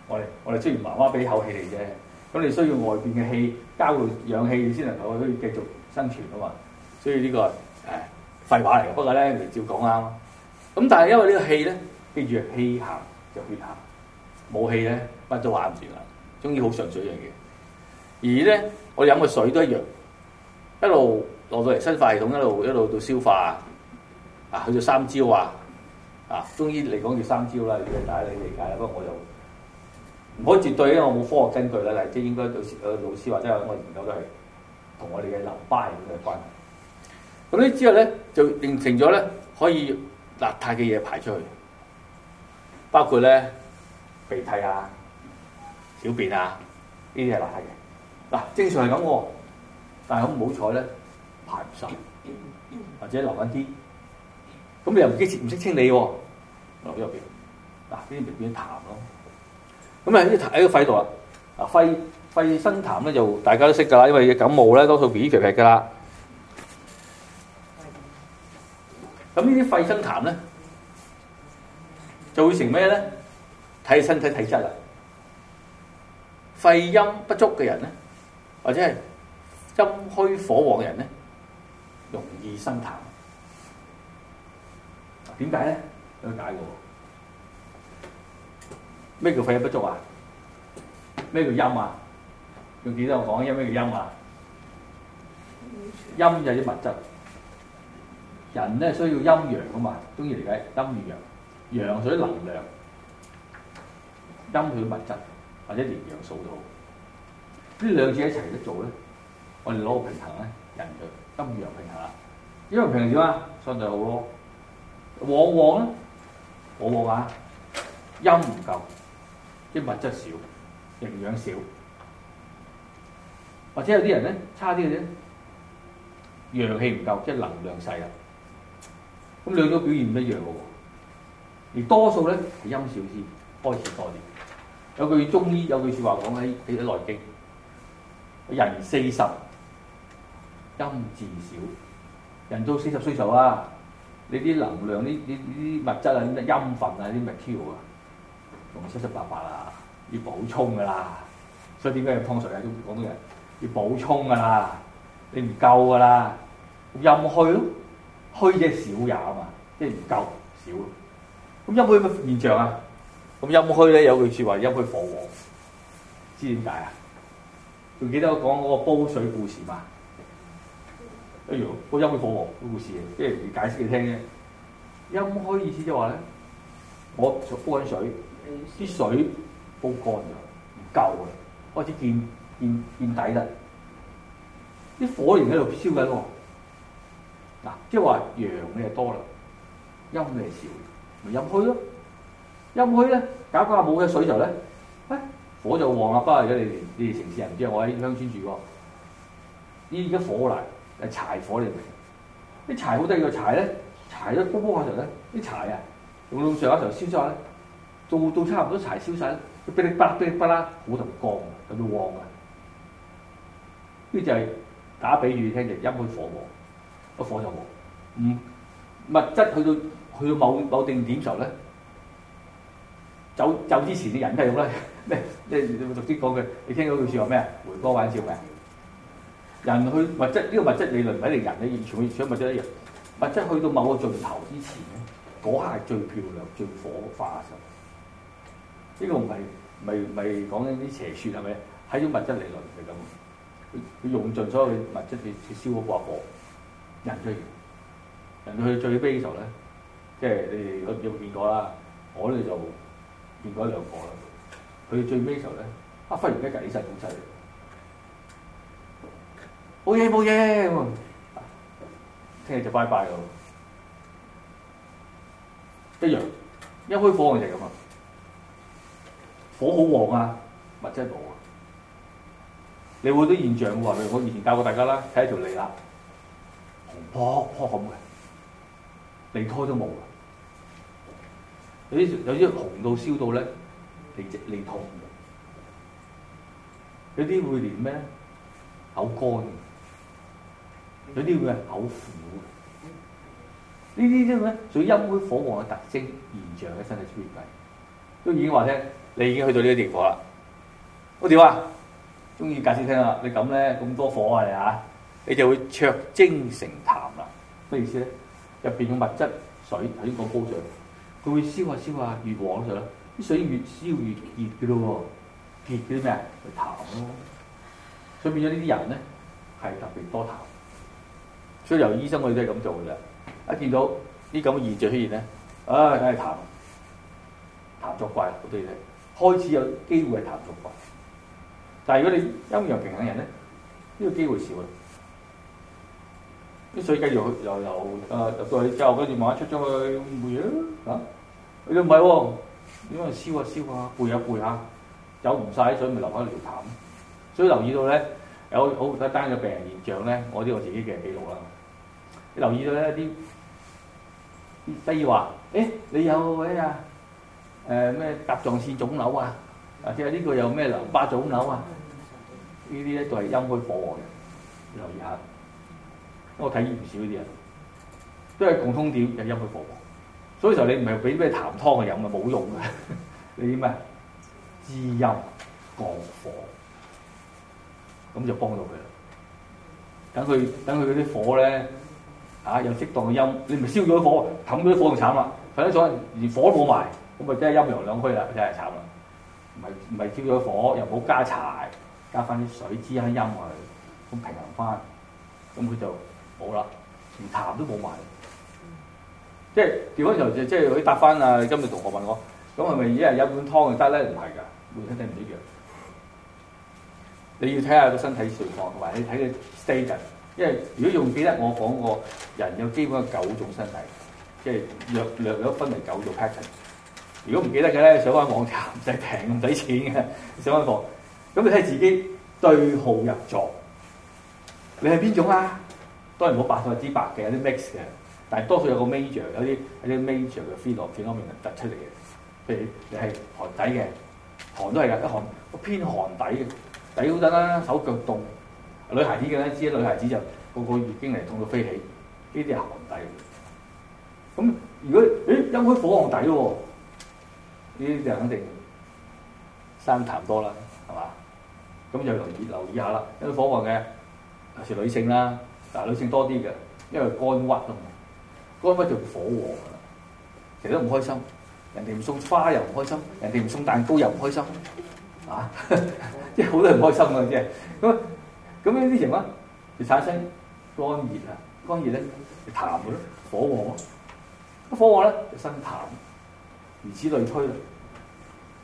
我哋我哋雖然媽媽俾口氣嚟啫，咁你需要外邊嘅氣交換氧氣你先能夠可以繼續生存噶嘛、啊。所以呢個誒廢、哎、話嚟嘅，不過咧你照講啱。咁、啊、但係因為呢個氣咧。跟住氣行就血行，冇氣咧乜都挽唔住啦。中醫好上水樣嘢，而咧我飲嘅水都一樣，一路落到嚟新化系統，一路一路，一路到消化啊，去到三焦啊啊！中醫嚟講叫三焦啦，你理你理解，不過我又唔可以絕對，因為我冇科學根據啦。例即應該對師個老師話，即係我研究都係同我哋嘅淋巴嘢有關係。咁呢之後咧就形成咗咧可以邋遢嘅嘢排出去。包括咧鼻涕啊、小便啊，呢啲係垃圾嘅。嗱，正常係咁喎，但係好唔好彩咧，排唔出或者留緊啲，咁你又唔知唔識清理喎、啊，留咗入邊。嗱，呢啲就變痰咯。咁啊，呢痰喺個肺度啦。啊，肺肺生痰咧就大家都識㗎啦，因為感冒咧多數鼻皮皮嘅啦。咁呢啲肺生痰咧？就會成咩咧？睇身體體質啦。肺陰不足嘅人咧，或者係陰虛火旺嘅人咧，容易生痰。點解咧？有解過。咩叫肺陰不足啊？咩叫陰啊？仲記得我講咩叫陰啊？陰、嗯、就係啲物質。人咧需要陰陽噶嘛？中意嚟解陰與陽。陽水能量、陰血物質或者營養素都好，呢兩者一齊一做咧，我哋攞個平衡咧，人就陰陽平衡啦。因為平衡點啊，相對好咯。往往咧，往往啊，陰唔夠，即物質少、營養少，或者有啲人咧差啲嘅啫，陽氣唔夠，即係能量細啊。咁兩種表現唔一樣嘅喎。而多數咧係陰少先開始多啲。有句中醫有句説話講喺《喺內經》，人四十陰自少。人到四十歲數啊，你啲能量、啲啲啲物質啊、啲陰分啊、啲 material 啊，仲七七八八啊，要補充噶啦。所以點解要湯水啊？啲廣東人要補充噶啦，你唔夠噶啦，陰虛咯，虛者少也嘛，即係唔夠少。咁陰虛嘅現象啊！咁陰虛咧有句説話陰虛火旺，知點解啊？仲記得我講嗰個煲水故事嘛？哎呦，個陰虛火旺嘅故事啊，即係解釋你聽啫。陰虛意思就話咧，我煲緊水，啲水煲乾咗，唔夠啊，開始見見見底啦。啲火仍然喺度燒緊喎。嗱，即係話陽嘅多啦，陰嘅少。咪陰虛咯，陰虛咧搞架冇嘅水就咧，哎火就旺啊！不過而家你哋你哋城市人唔知，我喺鄉村住過。依家火嚟，係、就是、柴火你明？啲柴火都要柴咧，柴咧煲煲下就咧，啲柴,柴,柴啊用到上下就燒燒咧，做到差唔多柴燒晒咧，佢噼里啪啦噼里啪啦，火同降啊，咁就旺啊。呢就係打比喻聽，就陰虛火旺，個火就旺。嗯，物質去到。去到某某定點嘅時候咧，走走之前啲人都係咁啦，咩 咩？你會逐啲講嘅，你聽到句説話咩啊？回光返照嘅。人去物質呢、這個物質理論睇嚟人咧，完全完全物質一人物質去到某個盡頭之前咧，嗰刻係最漂亮、最火花嘅時候。呢、這個唔係唔係唔係講緊啲邪説係咪？係種物質理論係咁。佢用盡所有嘅物質去去燒嗰個火，人最人去,人去最悲嘅時候咧。即係、okay, 你哋去見過啦，我哋就見過一兩個啦。佢最尾時候咧，啊忽然間晒咁古劑，冇嘢冇嘢咁，聽日就拜拜 e 咯。一樣一開火就係咁啊，火好旺啊，物質冇啊。你會有啲現象會話佢，例如我以前教過大家啦，睇下條脷啦，紅卜卜咁嘅，脷苔都冇有啲有啲紅到燒到咧，你直你痛嘅；有啲會連咩？口乾。有啲會係口苦嘅。呢啲呢，屬於陰虛火旺嘅特徵現象嘅身體出熱症，都已經話聽，你已經去到呢個地方啦。我屌啊？中意介紹聽呢啊？你咁咧，咁多火啊你嚇，你就會灼精成痰啦。咩意思咧？入邊嘅物質水喺個煲上。佢會燒下燒下，越往上咧啲水越燒越熱嘅咯喎，熱啲咩啊？痰咯，所以變咗呢啲人咧係特別多痰，所以由醫生佢哋都係咁做嘅啦。一見到啲咁嘅現象出現咧，啊，梗係痰痰作怪好多嘢，開始有機會係痰作怪，但係如果你陰陽平衡嘅人咧，呢個機會少啦。啲水繼續又又誒入到去之後，跟住慢慢出咗去冇嘢啊～佢都唔係喎，因為、哦、燒下、啊、燒下、啊，背下、啊、背下、啊，走唔晒，所以咪留喺啲痰，所以留意到咧有好一單嘅病人現象咧，我都我自己嘅記錄啦。留意到咧啲，例如話，誒你有嗰啲啊，誒咩甲狀腺腫瘤啊，或者係呢個有咩淋巴腫瘤啊，呢啲咧都係陰虛火旺嘅，你留意下，因為我睇唔少呢啲人，都係共通點係陰虛火旺。所以時候你唔係俾咩痰湯去飲啊，冇用啊！你啲咩滋陰降火，咁就幫到佢啦。等佢等佢嗰啲火咧，啊有適當嘅陰，你唔係燒咗火，冚咗火就慘啦。否則連火都冇埋，咁咪真係陰陽兩虛啦，真係慘啦。唔係唔係燒咗火，又冇加柴，加翻啲水滋下陰去，咁平衡翻，咁佢就冇啦，連痰都冇埋。即係調翻轉頭，即係可以答翻啊！今日同學問我，咁係咪一日有碗湯就得咧？唔係㗎，每隻人唔一樣。你要睇下個身體情況同埋你睇佢 stage。因為如果用記得我講過，人有基本嘅九種身體，即係略略略分為九種 pattern。如果唔記得嘅咧，上翻網站就平咁抵錢嘅上翻課。咁你睇自己對號入座，你係邊種啊？都係冇百分之百嘅，有啲 mix 嘅。但係多數有個 major，有啲有啲 major 嘅 free 落片方面突出嚟嘅。譬如你係寒底嘅，寒都係噶，一寒偏寒底嘅底好得啦，手腳凍。女孩子嘅咧，知啦，女孩子就個個月經嚟痛到飛起，呢啲係寒底。咁如果誒陰虛火旺底喎，呢啲就肯定生痰多啦，係嘛？咁就容易留意，留意下啦。陰虛火旺嘅，尤其是女性啦，啊女性多啲嘅，因為肝鬱啊嘛。幹乜叫火旺其實都唔開心，人哋唔送花又唔開心，人哋唔送蛋糕又唔開心，啊，即係好多人唔開心嘅啫。咁咁呢啲情況咧，就產生肝熱啊。肝熱咧就痰嘅咯，火旺。乜火旺咧就生痰，如此類推。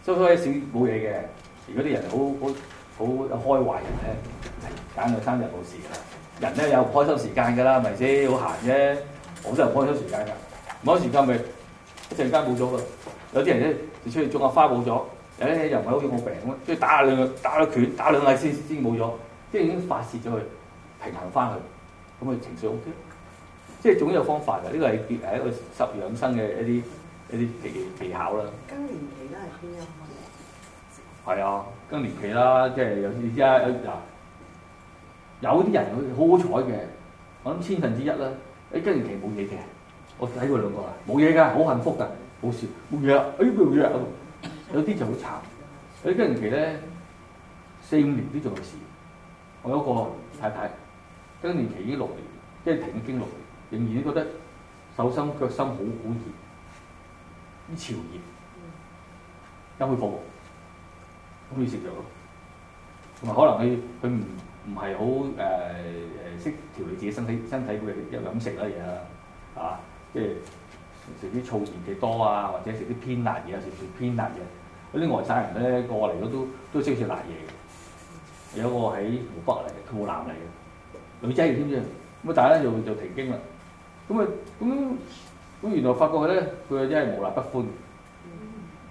所以少冇嘢嘅。如果啲人好好好開懷嘅，揀兩餐就冇事嘅啦。人咧有唔開心時間㗎啦，係咪先？好閒啫。我真有冇咗時間㗎，冇咗時間咪一陣間冇咗喎。有啲人咧就出去種下花冇咗，誒又唔係好似我病咁，即係打下兩下打下拳打兩下先先冇咗，即係已經發泄咗佢平衡翻去。咁佢情緒 O K，即係總有方法㗎，呢個係係一個十養生嘅一啲一啲技技巧啦。更年期都係邊一方啊？更年期啦，即係有啲嘅有有啲人好好彩嘅，我諗千分之一啦。誒更年期冇嘢嘅，我睇過兩個啦，冇嘢㗎，好幸福㗎，好笑，冇嘢誒，佢有啲就好慘，誒更年期咧四五年都仲有事，我有一個太太，更年期已經六年，即係停經六年，仍然都覺得手心腳心好好熱，啲潮熱，去抱抱有咩服務，咁以食咗咯，同埋可能佢佢唔。唔係好誒誒識調理自己身體身體嘅飲食啦嘢啦，嚇，即係食啲燥熱嘅多啊，或者食啲偏辣嘢，食啲偏辣嘢。嗰啲外省人咧過嚟都都少少辣嘢嘅。有一個喺湖北嚟，嘅，湖南嚟嘅，女仔嚟添啫，咁啊，但係咧就就停經啦。咁啊咁咁原來發覺佢咧，佢真係無辣不歡，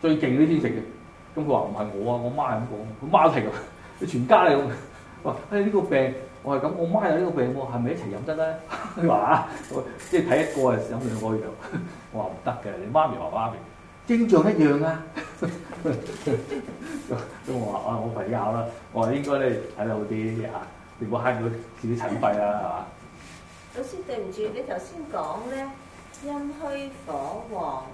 最勁啲先食嘅。咁佢話唔係我啊，我媽係咁講，佢媽都咁。你全家嚟咁。 誒呢、哎呢個病，我係咁，我媽有呢個病喎，係咪一齊飲得咧？你話即係睇一個就飲兩個藥，我話唔得嘅，你媽咪同我媽咪症狀一樣啊， 我話啊，我費事拗啦，我話應該咧睇到好啲你冇慳到自己診費啊，係嘛？老師對唔住，你頭先講咧陰虛火旺，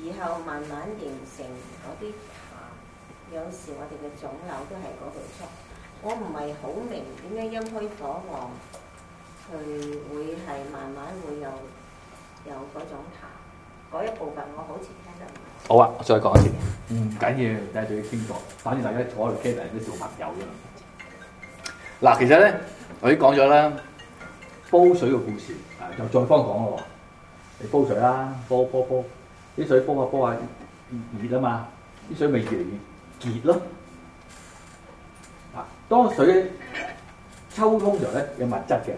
以後慢慢形成嗰啲。有時我哋嘅腫瘤都係嗰度出，我唔係好明點解陰虛火旺，佢會係慢慢會有有嗰種痰，嗰一部分我好似聽得。好啊，我再講一次，唔緊要，你係最堅強。反正大家坐喺度傾嘅係啲小朋友啫嘛。嗱，其實咧，我已經講咗啦，煲水嘅故事啊，就再方講咯喎。你煲水啦，煲煲煲，啲水煲下煲下熱啊嘛，啲水咪越嚟越～結咯，啊！當水抽乾咗咧，有物質嘅。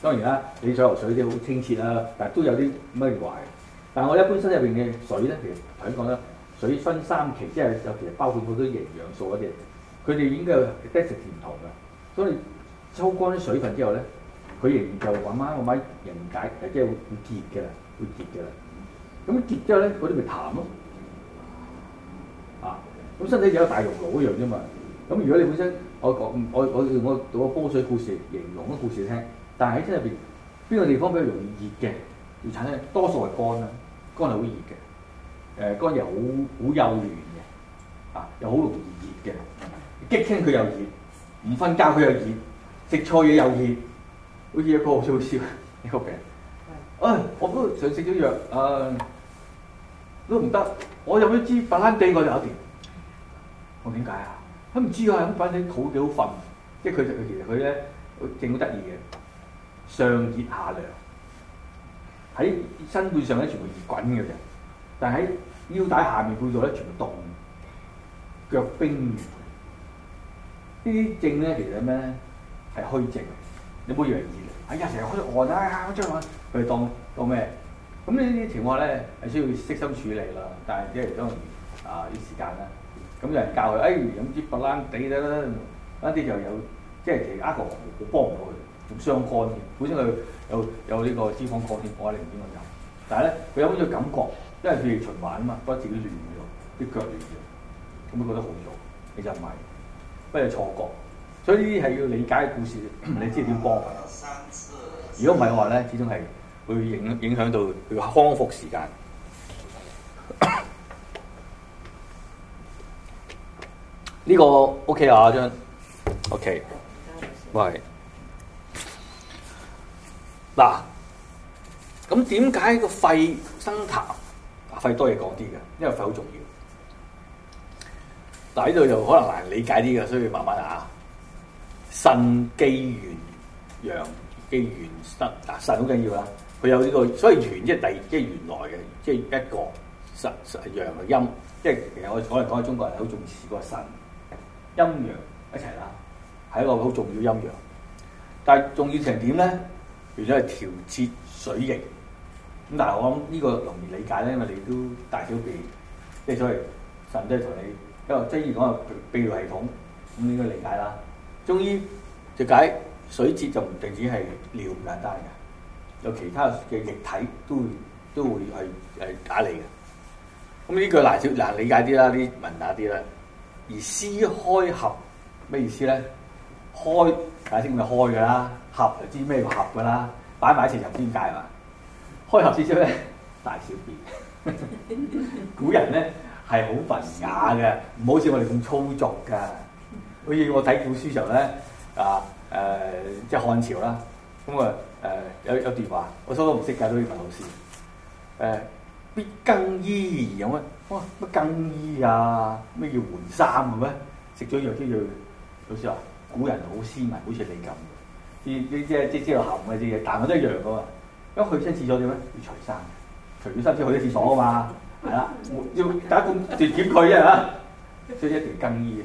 當然啦，你想流水啲好清澈啦，啊，但係都有啲咩壞。但係我一般身入邊嘅水咧，其實頭先講啦，水分三期，即係有其實包括好多營養素嗰啲，佢哋已經有 density 唔同嘅。所以抽乾啲水分之後咧，佢仍然就慢慢慢慢溶解，即係會結嘅，會結嘅。咁結之後咧，嗰啲咪痰咯。咁身體只有大熔爐一樣啫嘛。咁、嗯、如果你本身我講我我我講個煲水故事，形容個故事聽。但係喺聽入邊邊個地方比較容易熱嘅？要產生多數係肝啦，肝係好熱嘅。誒肝又好好幼嫩嘅啊，又好容易熱嘅。激親佢又熱，唔瞓覺佢又熱，食錯嘢又熱。好似一個好好笑，笑。呢個病。啊，我都想食咗藥啊、呃，都唔得。我有咩支白蘭地有，我就掂。我點解啊？佢唔知啊，咁反正肚幾好瞓，即係佢就佢其實佢咧正好得意嘅，上熱下涼，喺身背上咧全部熱滾嘅啫，但係喺腰帶下面背度咧全部凍，腳冰。呢啲症咧其實咩咧係虛症，你冇以為熱嚟，哎呀成日開汗啊，開張啊，佢係當當咩？咁呢啲情況咧係需要悉心處理啦，但係即係當然啊啲時間啦。咁有人教佢，哎，咁啲白蘭地得啦，一啲就有，即係其他個冇幫到佢，咁傷肝嘅。本身佢有又呢個脂肪過多，我話你唔應該但係咧，佢有呢種感覺，因為譬如循環啊嘛，覺得自己亂咗，啲腳亂咗，咁佢覺得好到。其實唔係，不過錯覺。所以呢啲係要理解故事，你知點幫。如果唔係嘅話咧，始終係會影影響到佢嘅康復時間。呢、這個 OK,、uh, okay. 嗯、啊張，OK，喂，嗱，咁點解個肺生痰？肺多嘢講啲嘅，因為肺好重要。嗱，喺度就可能難理解啲嘅，所以慢慢神神啊。腎機元陽機元生嗱腎好緊要啦，佢有呢、這個所以元即係第即係、就是、原來嘅即係一個腎陽陰，即係其實我哋講嚟講去，中國人好重視個腎。陰陽一齊啦，係一個好重要陰陽。但係重要成點咧？變咗係調節水液。咁但係我諗呢個容易理解咧，因為你都大小便，即係所謂腎即係同你，因為中醫講啊泌尿系統，咁應該理解啦。中醫就解水節就唔單止係尿簡單嘅，有其他嘅液體都會都會係係打理嘅。咁呢個難少難理解啲啦，啲文雅啲啦。而撕開合咩意思咧？開解釋咪開噶啦，合就知咩叫合噶啦。擺埋一齊有邊界嘛？開合意思咧，大小便。 古人咧係好文雅嘅，唔好似我哋咁粗俗噶。好似我睇古書時候咧啊誒，即係漢朝啦。咁啊誒有有，有段話，我初初唔識噶都要問老師誒、呃，必更衣有乜？哇！乜、哦、更衣啊？咩叫換衫嘅咩？食咗藥之後，老師話：古人好斯文，好似你咁。啲啲即係即係即係鹹嗰啲嘢，但我都一樣㗎嘛。咁去親廁所點咧？要除衫，除咗衫先去咗廁所啊嘛。係啦，要大家咁奪奪佢啊！著一條更衣，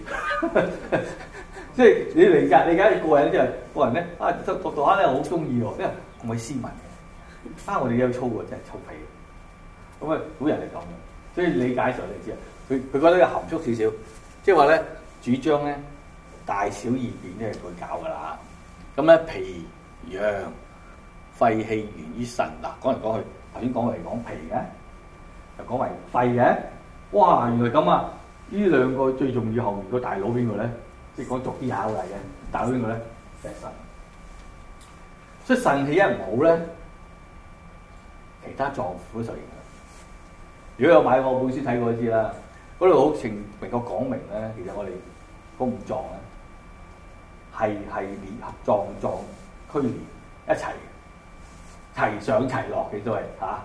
即 係你嚟解你而家個人即人，個人咧啊，作作客咧好中意喎，即係咁鬼斯文嘅。啊，我哋有度粗喎，真係臭皮。咁啊，古人嚟講。所以理解上你知啊，佢佢覺得含蓄少少，即係話咧，主張咧大小二便都係佢搞噶啦。咁咧脾、陽、肺氣源於腎嗱，啊，講嚟講去頭先講嚟講脾嘅，就講為肺嘅。哇，原來咁啊！呢兩個最重要後面個大佬邊個咧？即係講逐啲考嚟嘅大佬邊個咧？即係腎。所以腎氣一唔好咧，其他臟腑都受影響。如果有買過本書睇過都知啦，嗰度好清明確講明咧，其實我哋工作咧係係聯合壯壯區連,連一齊齊上齊落嘅都係嚇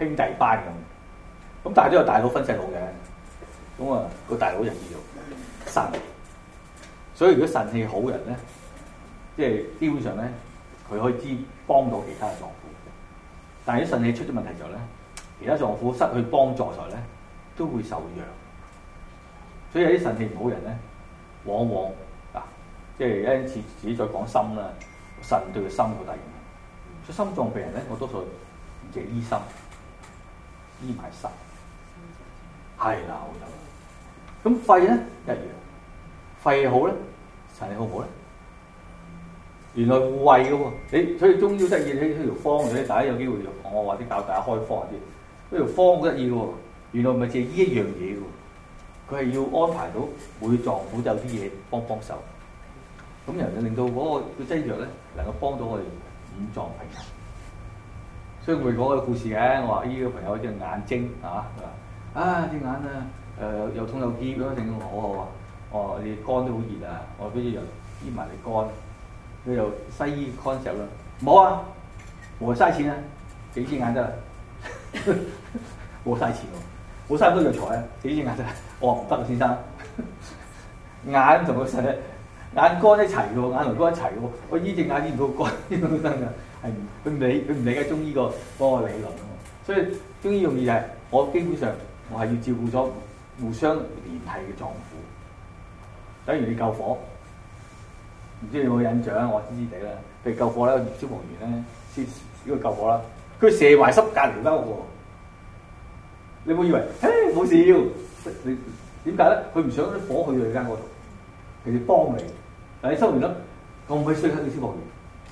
兄弟班咁。咁但係都有大佬，分析到嘅，咁啊個大佬就叫做腎。所以如果腎氣好人咧，即係基本上咧，佢可以知幫到其他臟腑。但係如果腎氣出咗問題就咧。其他臟腑失去幫助，才咧都會受殃。所以有啲腎氣唔好人咧，往往嗱、啊，即係一次，自己再講心啦，腎對佢心好大用。所以心臟病人咧，我多數唔淨係醫心，醫埋腎，係啦。咁肺咧一樣，肺好咧，腎氣好唔好咧？原來護胃嘅喎，你所以中醫出現呢呢條方嘅咧，大家有機會，我話啲教大家開方啲。嗰條方好得意嘅喎，原來咪就係依一樣嘢嘅喎，佢係要安排到每臟腑都有啲嘢幫幫手，咁人就令到嗰個個劑藥咧能夠幫到我哋五臟平衡。所以我咪講個故事嘅，我話呢個朋友隻眼睛嚇，佢話啊隻眼啊誒又痛又澀咁，令我，我話你肝都好熱啊，我俾啲藥醫埋你肝，佢又西醫 concept 啦，冇啊，我嘥錢啊，幾隻眼得啫。 冇曬錢喎，冇曬好多藥材啊！呢隻眼真係，我話唔得啊，先生， 眼同個細眼乾一齊嘅喎，眼淚乾一齊嘅喎，我醫正眼乾，醫到肝，真係，係唔佢唔理佢唔理解中醫個嗰個理論喎。所以中醫用意就係、是，我基本上我係要照顧咗互相聯繫嘅臟腑。等如你救火，唔知你有冇印象啊？我知知地啦，譬如救火咧，消防員咧，先、這、呢個救火啦，佢射埋濕隔離得我。你會以為嘿冇事、啊，你點解咧？佢唔想啲火去到你間屋度，其實幫你。但你收完啦，咁鬼衰嘅消防員，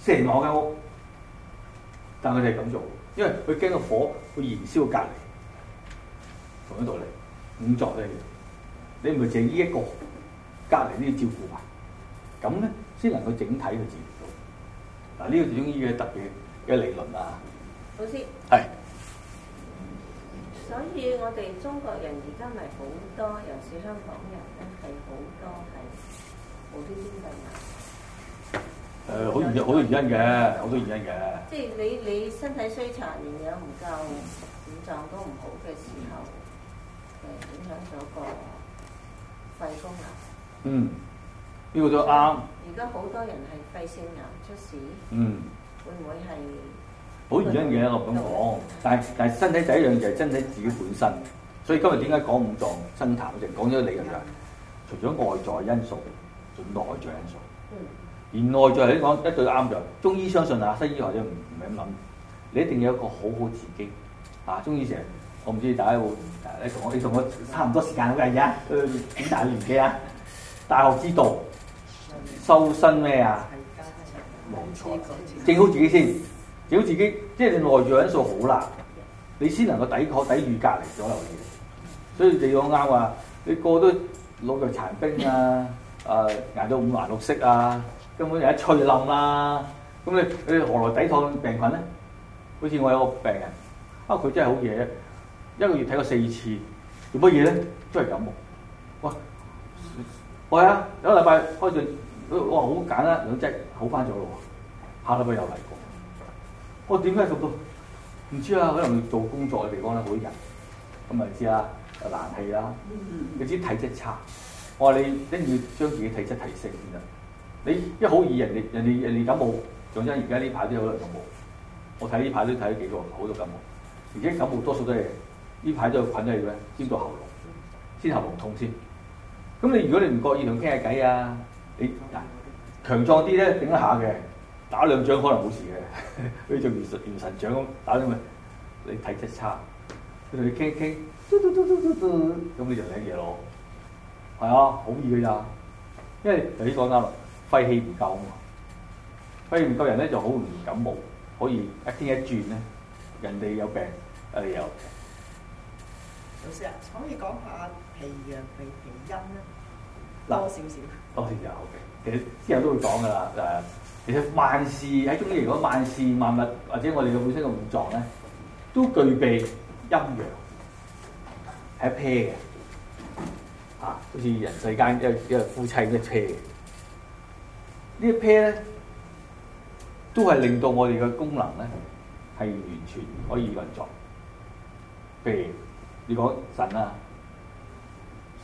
成間屋。但佢哋係咁做，因為佢驚個火會燃燒隔離，同一道理五作咧，你唔係淨係一個隔離呢要照顧嘛？咁咧先能夠整體去治療到。嗱，呢個就中醫嘅特別嘅理論啦。老師係。所以，我哋中國人而家咪好多，尤其是香港人咧，係好多係冇啲免疫力。好好多、呃、多原因嘅，好多原因嘅。即係你你身體衰殘、營養唔夠、五臟都唔好嘅時候，嗯、影響咗個肺功能。嗯，呢、這個都啱。而家好多人係肺腺癌出事。嗯。會唔會係？好原因嘅，我咁講。但係但係身體第一樣，就係身體自己本身。所以今日點解講五臟、身談嗰陣講咗你咁樣？除咗外在因素，仲內在因素。嗯。而內在嚟講，一對啱嘅，中醫相信啊，西醫或者唔唔係咁諗。你一定要有一個好好自己。啊，中醫成日，我唔知大家會，你同我你同我差唔多時間好唔好呀？幾大年紀啊？大學之道，修身咩啊？冇錯，整好自己先。只要自己即係你內在因素好啦，你先能夠抵抗抵禦隔離咗。有嘢。所以你講啱話，你過都攞個殘兵啊，啊捱到五顏六色啊，根本就一脆冧啦。咁你你何來抵抗病菌咧？好似我有個病人啊，佢真係好嘢，一個月睇過四次，做乜嘢咧？都係感冒。喂，我係啊，一個禮拜開著，哇好簡單，兩隻好翻咗咯，下禮拜又嚟過。我點解咁到？唔知啊，可能做工作嘅地方咧，好多人，咁咪知啦。又冷氣啦，你、嗯、知體質差。我話你一定要將自己體質提升先得。你一好易人哋人哋人哋感冒，總之而家呢排都有好多人感冒。我睇呢排都睇咗幾個好多感冒，而且感冒多數都係呢排都菌都係咩？先到喉嚨，先喉嚨痛先。咁你如果你唔覺意同傾下偈啊，你強壯啲咧頂一下嘅。打兩掌可能冇事嘅，好似仲元神元神掌咁打咁啊！你體質差，佢同你傾一傾，嘟嘟嘟嘟嘟，咁你就拎嘢囉，係啊，好易㗎咋？因為頭先講啱啦，肺氣唔夠啊嘛，肺唔夠人咧就好容易感冒，可以一天一轉咧，人哋有病，你有。老師啊，可以講下脾嘅原因咧，多少少？多少有嘅，其實之後都會講㗎啦，誒。其實萬事喺中醫嚟講，萬事萬物或者我哋嘅本身嘅運作咧，都具備陰陽，係一 pair 嘅，啊，好似人世間一個一個夫妻咁一 pair 嘅。一呢一 pair 咧，都係令到我哋嘅功能咧係完全可以運作。譬如你講腎啊，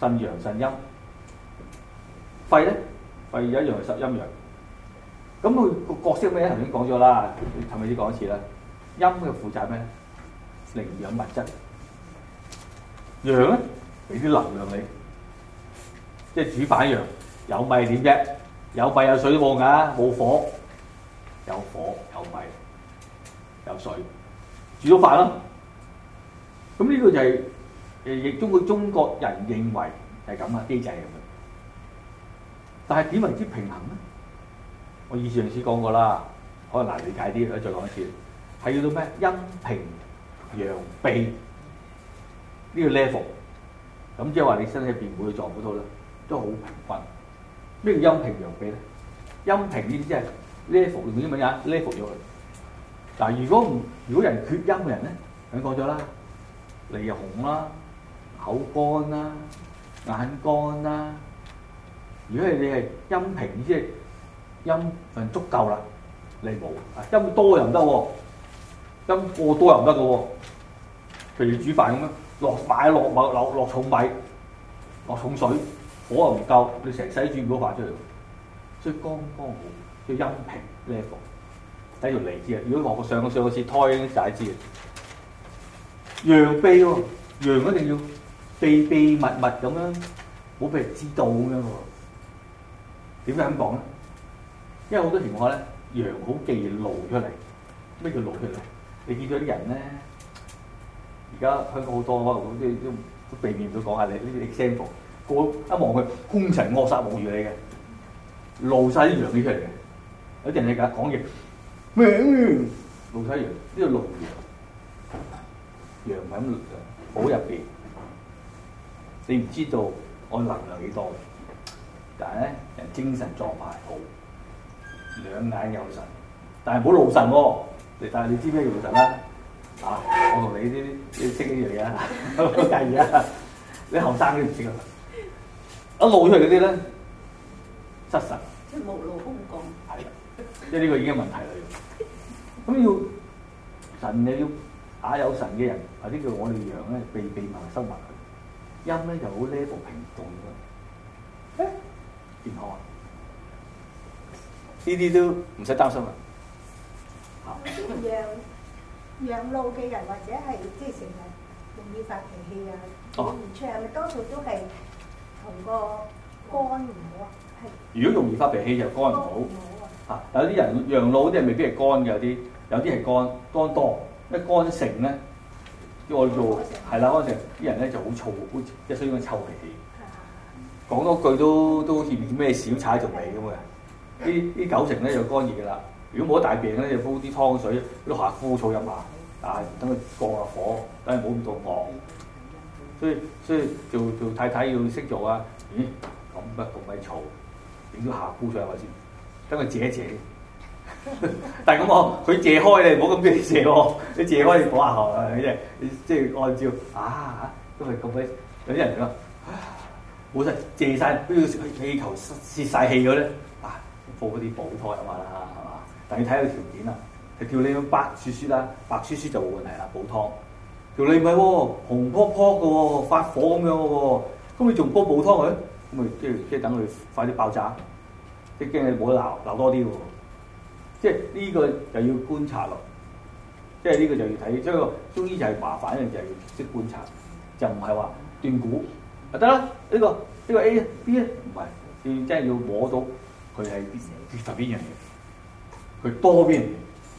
腎陽腎陰，肺咧，肺一樣係十陰陽。咁佢個角色咩咧？頭先講咗啦，頭先講一次啦。陰嘅負責咩？營養物質，陽咧，俾啲能量你，即係煮飯一樣。有米點啫？有米有水都旺噶，冇火，有火有米有水，煮咗飯啦。咁呢個就係誒亦都個中國人認為係咁啊機制嚟嘅。但係點為之平衡咧？我以前上次講過啦，可能難理解啲，我再講一次，係叫做咩？陰平陽秘呢個 level，咁即係話你身體入邊每個狀態都好平均。咩叫陰平陽秘咧？陰平呢啲即係 level 用英文講 level 咗。嗱，如果唔如果人缺陰嘅人咧，頭先講咗啦，又紅啦、口乾啦、眼乾啦。如果係你係陰平，即係。陰就足夠啦，你冇啊！陰多又唔得喎，陰過多又唔得嘅喎，譬如煮飯咁樣，落飯落米，樓落，落，落重米，落重水，火又唔夠，你成世煮唔到飯出嚟。所以剛剛好，叫陰平 level，睇條脷知啊。如果落上上個次胎已就係知啦。陽秘喎，陽一定要秘秘密密咁樣，冇俾人知道咁樣喎。點解咁講咧？因為好多情況咧，陽好記露出嚟。咩叫露出嚟？你見到啲人咧，而家香港好多可能，都都都避免唔到講下你呢啲 example。個一望佢，凶神惡煞冇住你嘅，露晒啲陽氣出嚟嘅。有啲人你講嘢咩？露晒陽，呢個露陽，陽喺咁，寶入邊。你唔知道我能量幾多但係咧，人精神狀態好。兩眼有神，但係唔好露神喎、啊。但係你知咩叫露神啦、啊？ 啊，我同你啲啲識呢啲嘢啊，唔好介意啊。啲後生都唔識啊。一露出嚟啲咧失神，即係無腦公講。係、啊，即係呢個已經問題嚟。咁要神又要啞、啊、有神嘅人，或者叫我哋羊咧，被秘密收埋佢。因咧有呢一部屏動嘅，誒，然後。呢啲都唔使擔心啊，啊！哦，啲養養老嘅人或者係即係成日容易發脾氣啊，唔錯係咪多數都係同個肝唔好啊。如果容易發脾氣就肝唔好，好啊！有啲人養老啲人未必係肝嘅，有啲有啲係肝肝多，咩肝性咧？要我做係啦，肝盛啲人咧就好燥，好似一衰咁臭脾氣，講、啊、多句都都欠咩小踩足味咁嘅。呢啲九成咧就乾熱嘅啦，如果冇咗大病咧，就煲啲湯水，都下枯草飲下，啊，等佢降下火，等佢冇咁多熱。所以所以做做太太要識做啊？咦、嗯，咁乜咁鬼嘈，整咗下枯草係咪先？等佢借一借。但係咁我佢借開你，唔好咁畀你借喎，你借開你火下喉啊！即係即係按照啊，都係咁鬼，有啲人點啊？冇事，借晒，邊個氣球泄晒氣咗咧？煲嗰啲補湯啊嘛，係嘛？但要睇佢條件就叫你脷白雪雪啦，白雪雪就冇問題啦，補湯。條脷唔係喎，紅樖樖嘅喎，發火咁樣嘅喎，咁你仲煲補湯佢？咁咪即即等佢快啲爆炸，即驚你冇得鬧鬧多啲喎。即係呢個就要觀察咯，即係呢個就要睇，所以中醫就係麻煩嘅，就係要識觀察，就唔係話斷估就得啦。呢個呢個 A，B 咧，唔係，要即係要摸到。佢係必嚟，決殺邊樣嘢？佢多邊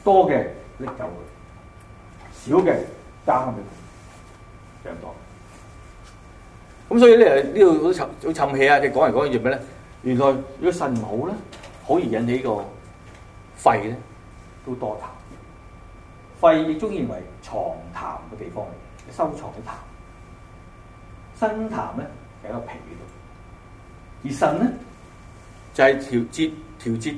多嘅拎走佢，少嘅加佢，差唔多。咁、嗯、所以咧，呢度好沉好沉氣啊！你講嚟講去做咩咧？原來如果腎唔好咧，好易引起個肺咧都多痰。肺亦中意為藏痰嘅地方，收藏啲痰。心痰咧就喺個脾度，而腎咧，就係調節調節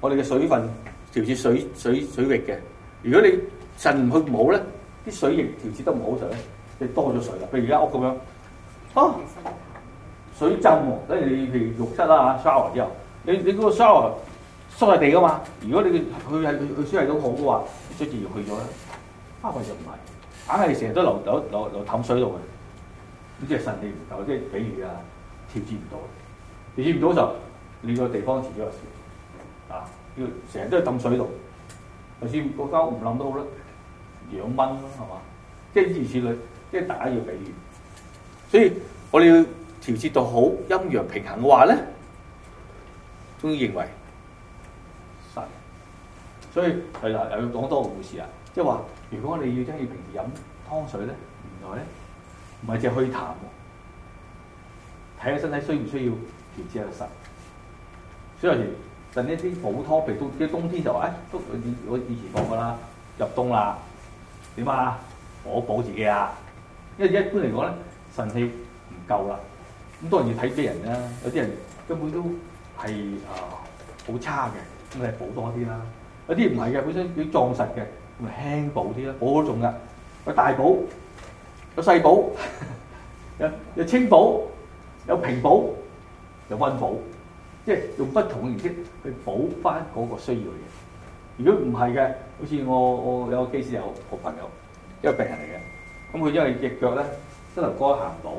我哋嘅水分，調節水水水液嘅。如果你腎唔去好咧，啲水液調節得唔好就咧，你多咗水啦。譬如而家屋咁樣、哦，嚇水浸喎，等你譬如浴室啦嚇，shower 之後，你你嗰個 shower 濕曬地㗎嘛。如果你佢佢係佢佢濕曬好嘅話，即係自然去咗啦。沙嚟就唔係，硬係成日都流，流留留流淡水到嘅。咁即係腎氣唔夠，即係比如啊，調節唔到，調節唔到就。呢個地方遲咗有事啊！要成日都喺浸水度，就算個膠唔冧都好啦，養蚊係嘛？即係諸如此類，即係大家要比喻。所以我哋要調節到好陰陽平衡嘅話咧，終於認為實。所以係啦，又要講多個故事啊！即係話，如果你要將要平時飲湯水咧，原來咧唔係隻虛痰喎，睇下身體需唔需要調節到實。有陣時腎呢啲補拖皮，到啲冬天就話，誒、哎，都我我以前講嘅啦，入冬啦，點啊？我補自己啊！因為一般嚟講咧，腎氣唔夠啦。咁當然要睇啲人啦，有啲人根本都係啊好差嘅，咁你補多啲啦。有啲唔係嘅，本身幾壯實嘅，咪輕補啲啦。補都種嘅，有大補，有細補，有 有清補，有平補，有温補。即係用不同形式去補翻嗰個需要嘅。如果唔係嘅，好似我我有幾時有個朋友，一個病人嚟嘅。咁佢因為隻腳咧膝頭哥行唔到，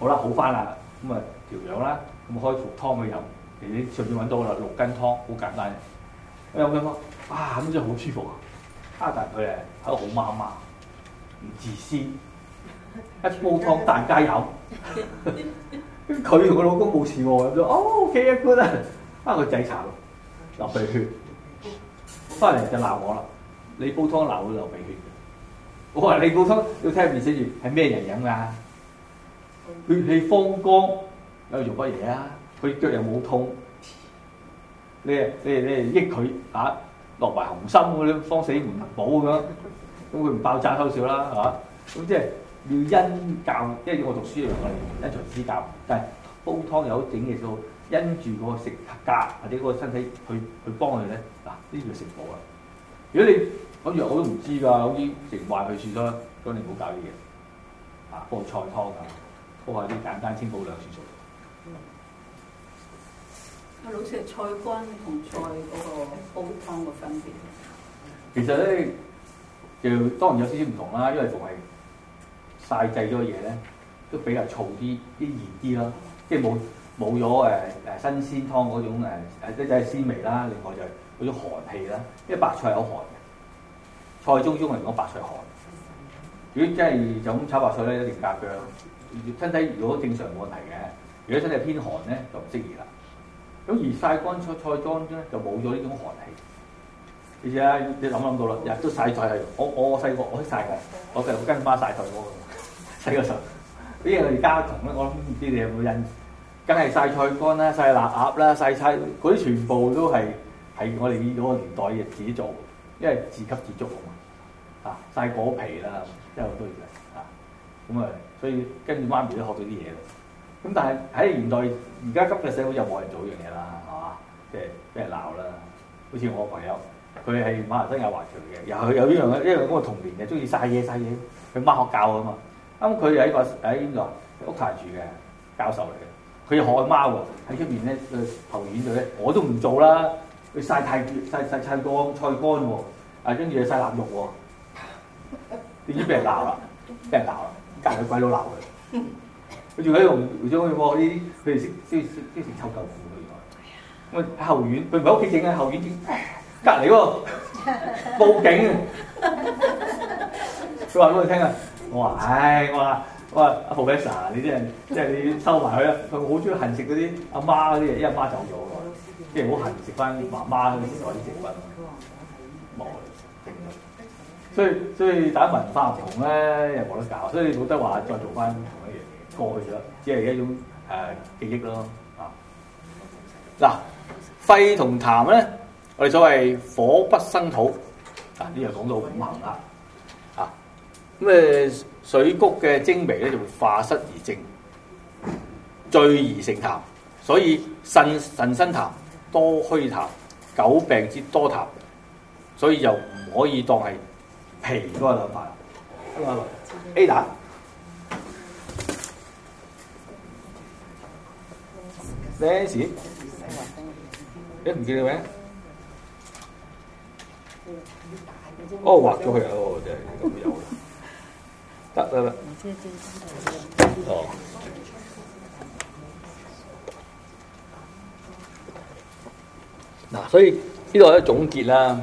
好啦好翻啦，咁啊調養啦，咁開服湯佢飲，你隨便揾到啦，六君湯好簡單嘅。佢飲緊湯，啊，咁真係好舒服啊！啊，但係佢係喺度好媽媽，唔自私，一煲湯大家有。 佢同個老公冇事喎，咁就 OK 啊，哥、哦、啦、啊，啊個仔查殘，流鼻血，翻嚟就鬧我啦，你煲湯鬧佢流鼻血，我、哦、話你煲湯要睇入面寫住係咩人飲啦、啊，血氣方剛有做乜嘢啊？佢腳又冇痛，你你你益佢嚇落埋紅心嗰啲方死唔能補咁樣，咁佢唔爆炸都少啦嚇，咁即係。要因教，即係要我讀書我哋因材施教。但係煲湯有整嘢都因住個食客格或者個身體去去幫佢哋咧。嗱，呢叫食補啊！如果你揾藥我都唔知㗎，好似食壞佢處所，咁你唔好搞啲嘢。啊，煲菜湯啊，煲下啲簡單清補涼次。所。阿老師，菜乾同菜嗰個煲湯個分別？嗯、其實咧，就當然有少少唔同啦，因為仲係。曬製咗嘅嘢咧，都比較燥啲，啲熱啲咯，即係冇冇咗誒誒新鮮湯嗰種誒誒啲啲鮮味啦，另外就係嗰種寒氣啦，因為白菜係好寒嘅，菜中中係講白菜寒。如果真係就咁炒白菜咧，一定夾薑，身體如果正常冇問題嘅，如果身體偏寒咧就唔適宜啦。咁而曬乾菜菜乾咧就冇咗呢種寒氣，而且你諗諗到啦，日都曬菜係，我我細個我識曬我，我成日跟媽媽曬菜呢個時候，呢個我哋家庭咧，我諗唔知你有冇印，梗係曬菜乾啦，曬臘鴨啦，曬曬。嗰啲全部都係係我哋嗰個年代嘅自己做，因為自給自足啊嘛，啊曬果皮啦，好多嘢啊，咁啊，啊，所以跟住媽咪都學到啲嘢。咁、啊、但係喺現代而家急嘅社會，又冇人做呢樣嘢啦，係、啊、嘛？即係俾人鬧啦。好似我朋友，佢係馬來西亞華裔嘅，又係有呢樣，因為嗰個童年嘅中意曬嘢曬嘢，佢媽，媽學教啊嘛。咁佢喺個喺邊度啊？屋台住嘅教授嚟嘅，佢要學貓喎，喺出面咧個後院度咧，我都唔做啦。佢晒太曬晒菜乾菜乾喎，啊跟住又曬臘肉喎，點知俾人鬧啦？俾人鬧啦！隔離個鬼佬鬧佢，佢仲喺度，胡椒面啲佢哋食食食食臭豆腐嘅原來。我喺後院，佢唔係屋企整嘅，後院整隔離喎，報警。佢話俾佢聽啊！我話，唉、哎，我話，我話，阿 Professor，你啲人，即係你收埋佢啦。佢好中意恨食嗰啲阿媽嗰啲嘢。一阿媽走咗，跟住好恨食翻媽媽嗰啲時代啲食物。冇，所以所以大家文化唔同咧，又冇得搞，所以冇得話再做翻同一樣嘢。過去咗，只係一種誒、呃、記憶咯。啊，嗱，肺同痰咧，我哋所謂火不生土，嗱、啊，呢又講到五行啦。咁誒水谷嘅精微咧就會化濕而精，聚而成痰，所以腎腎生痰，多虛痰，久病之多痰，所以就唔可以當係脾嗰個諗法。A 男，你唔記得咩？哦，畫咗佢哦，就係咁有。 得啦，得啦。嗱、哦啊，所以呢度一總結啦。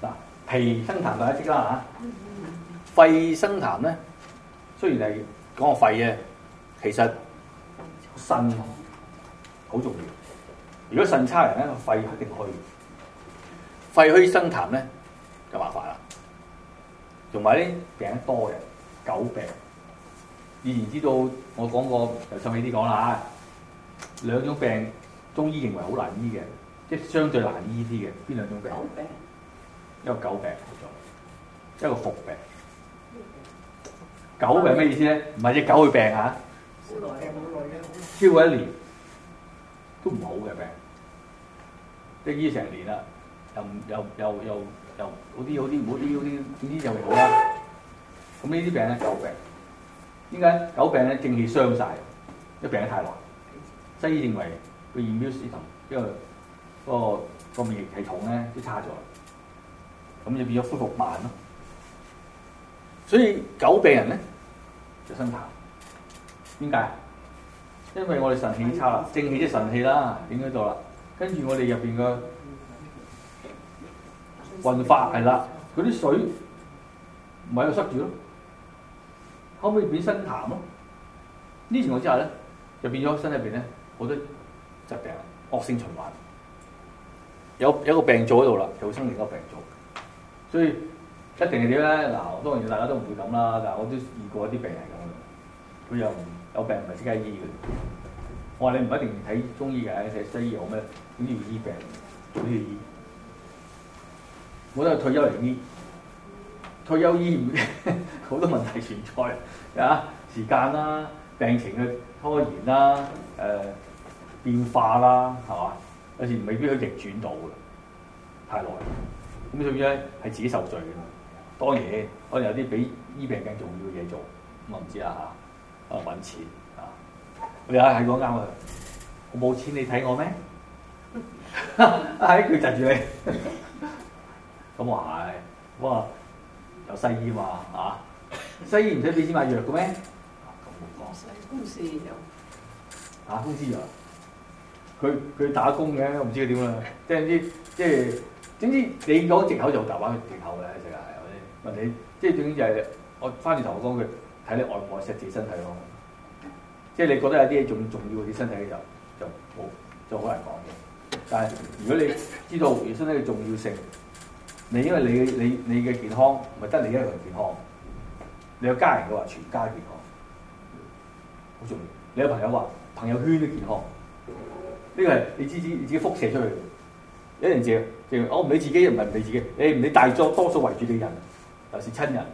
嗱，脾生痰就係一啲啦嚇，肺生痰咧，雖然係講個肺嘅，其實腎好重要。如果腎差人咧，個肺一定虛。肺虛生痰咧，就麻煩啦。同埋咧，病多嘅狗病，以前知道我講過，由上面啲講啦嚇。兩種病，中醫認為好難醫嘅，即係相對難醫啲嘅，邊兩種病？病一個狗病，一個伏病。嗯、狗病咩意思咧？唔係隻狗嘅病嚇，啊、超耐嘅，好耐嘅，超過一年都唔好嘅病，即係醫成年啦，又又又又。又又又好啲好啲，唔好啲好啲，點知就唔好啦？咁呢啲病咧，久病，點解久病咧？正氣傷晒，因病得太耐。西醫認為個免疫系統，因為，因為、那個個免疫系統咧都差咗，咁就變咗恢復慢咯。所以久病人咧就身痰，點解？因為我哋神氣差啦，正氣即神氣啦，點解咗啦？跟住我哋入邊個。運化係啦，嗰啲水唔喺度塞住咯，可唔可以變身痰咯？呢情況之下咧，就變咗身入邊咧好多疾病，惡性循環，有有一個病灶喺度啦，就會生另一個病灶。所以一定係點咧？嗱，當然大家都唔會咁啦，但係我都遇過一啲病人係咁嘅，佢又有病唔係即刻醫嘅。我話你唔一定睇中醫嘅，睇西醫有咩點要醫病？點樣醫？我都係退休嚟醫，退休醫唔嘅好多問題存在啊， 時間啦、病情嘅拖延啦、誒、呃、變化啦，係嘛？有時未必去逆轉到嘅，太耐。咁屬於係自己受罪嘅。當然可能有啲比醫病更重要嘅嘢做，咁我唔知啦嚇。啊揾錢啊，佢又喺嗰間啊，我冇錢你睇我咩？喺佢窒住你。咁話係，我話、嗯、有西醫嘛嚇、啊？西醫唔使俾錢買藥嘅咩？咁講西公司藥，嚇、啊、公司藥，佢佢打工嘅，我唔知佢點啦。即係啲即係，點知、知你講藉口就揼埋佢藉口嘅世界，係咪先？問你，即係總之就係、是、我翻轉頭我講句，睇你愛唔愛錫自己身體咯。嗯、即係你覺得有啲嘢仲重要啲身體嘅就就冇就好難講嘅。但係如果你知道原身體嘅重要性，你因為你你你嘅健康，唔係得你一個人健康？你有家人嘅話，全家健康好重要。你有朋友話，朋友圈都健康。呢、這個係你知你知，你自己輻射出去，有人接我唔理自己，又唔係唔理自己。你唔理大眾，多數圍住你人，尤其是親人，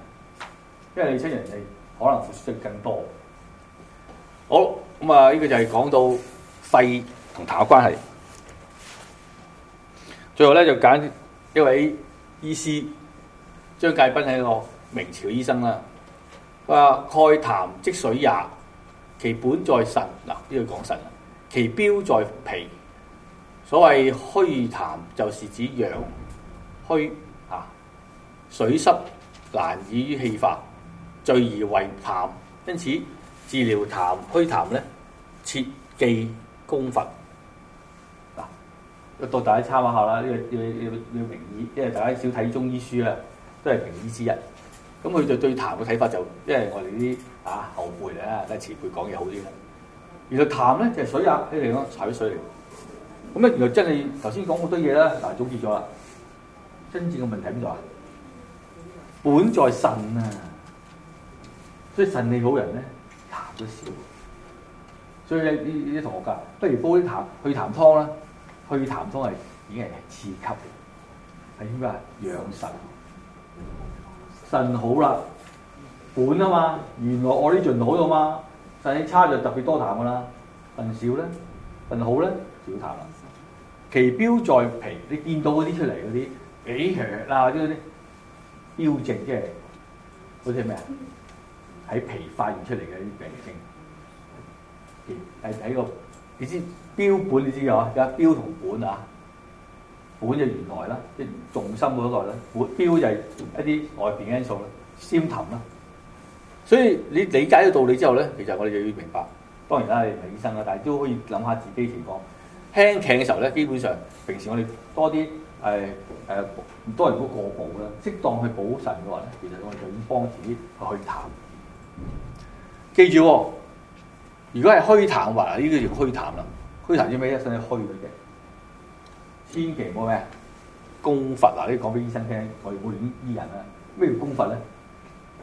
因為你親人你可能付出得更多。好咁啊！呢、這個就係講到肺同痰嘅關係。最後咧，就揀一位。醫師張介賓係一個明朝醫生啦，話：「蓋痰即水也，其本在腎，嗱呢個講腎；其標在脾。所謂虛痰，就是指陽虛啊，水濕難以氣化，聚而為痰。因此治療痰虛痰咧，切忌攻伐。」到大家參考下啦，呢個要要要名醫，因為大家少睇中醫書啊，都係名醫之一。咁佢就對痰嘅睇法就是，因為我哋啲啊後輩咧，都係前輩講嘢好啲嘅。原來痰咧就係、是、水壓起嚟咯，踩水嚟。咁咧原來真係頭先講好多嘢啦，但係總結咗啦。真正嘅問題喺邊度啊？本在腎啊，所以腎你好人咧，痰都少。所以呢呢啲同學噶，不如煲啲痰祛痰湯啦。去痰方係已經係次級嘅，係點講啊？養腎腎好啦，本啊嘛，原來我呢盡好咗嘛。腎差就特別多痰噶啦，腎少咧，腎好咧少痰啦。其標在皮，你見到嗰啲出嚟嗰啲幾血啊？嗰啲標證即係好似咩啊？喺皮發現出嚟嘅啲病徵，係喺、這個你知。標本你知嘅嗬，而家標同本啊，本就原來啦，即重心嗰個咧，標就係一啲外邊因素啦，先痰啦。所以你理解咗道理之後咧，其實我哋就要明白，當然啦，你唔係醫生啦，但係都可以諗下自己情況輕輕嘅時候咧，基本上平時我哋多啲誒誒唔多如果過補啦，適當去補腎嘅話咧，其實我哋就已經幫自己去痰。記住，哦，如果係虛痰話，呢個叫虛痰啦。推痰啲咩？一身都虛嘅，千祈唔好咩？功法啊，你講俾醫生聽，我哋冇亂醫人啊。咩叫功法咧？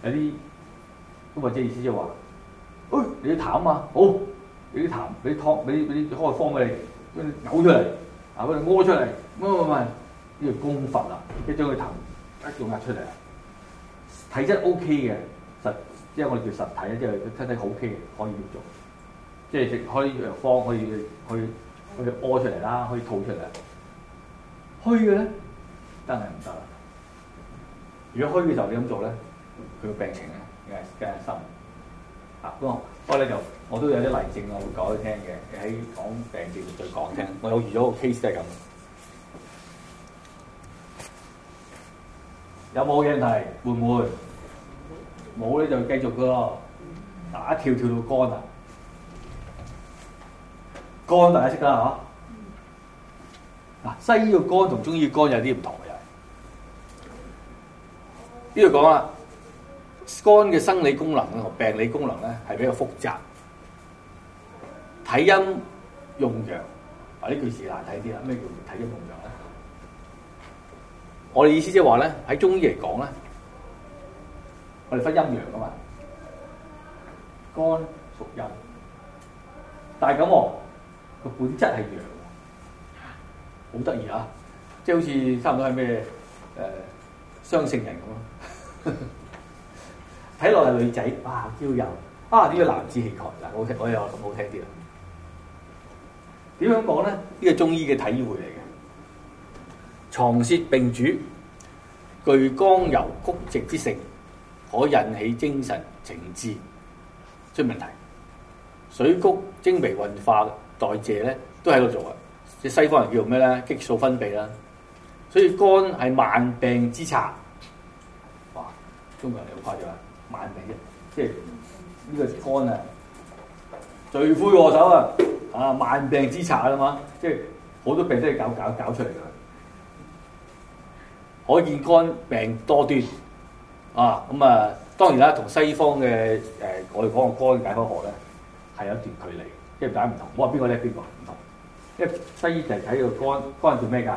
有啲咁話，即意思即係話：，誒、哦，你啲痰啊，好，你啲痰，你啲湯，你你開方俾你，將你嘔出嚟，啊、哦，將你屙出嚟，唔唔唔，呢叫功法啦，即係將佢痰一再壓出嚟。體質 O K 嘅，實即係、就是、我哋叫實體，即係真係 O K 嘅，可以做。即係食開藥方可以去去屙出嚟啦，可以吐出嚟。虛嘅咧，真係唔得啦。如果虛嘅時候你咁做咧，佢個病情咧更加深。啊，不過咧就我都有啲例證，我會講啲聽嘅，喺講病症再講聽。我有預咗個 case 係咁，有冇嘢問題？會唔會？冇咧就繼續噶咯。打跳跳到乾啊！肝大家識得嚇，嗱西醫嘅肝同中醫嘅肝有啲唔同嘅，呢度講啊。肝嘅生理功能同病理功能咧係比較複雜，體陰用陽，啊呢句字難睇啲啦。咩叫體陰用陽咧？我哋意思即係話咧，喺中醫嚟講咧，我哋分陰陽噶嘛，肝屬陰，但係咁喎。個本質係陽，好得意啊！即係好似差唔多係咩誒雙性人咁咯。睇落係女仔，啊，嬌柔啊！呢個男子氣概，嗱，好聽，我又咁好聽啲啊。點樣講咧？呢個中醫嘅體會嚟嘅，藏泄並主，具剛柔曲直之性，可引起精神情志出問題。水谷精微運化。代謝咧都喺度做嘅，即係西方人叫做咩咧？激素分泌啦，所以肝係萬病之賊，哇！中國人嚟好誇張、這個、啊，萬病啊，即係呢個肝啊，罪魁禍首啊！啊，萬病之賊啊嘛，即係好多病都係搞搞搞出嚟㗎，可見肝病多端啊！咁、嗯、啊，當然啦，同西方嘅誒、呃、我哋講嘅肝嘅解剖學咧係有一段距離。即係大家唔同，我話邊個叻邊個唔同。即係西醫就係睇個肝肝做咩㗎？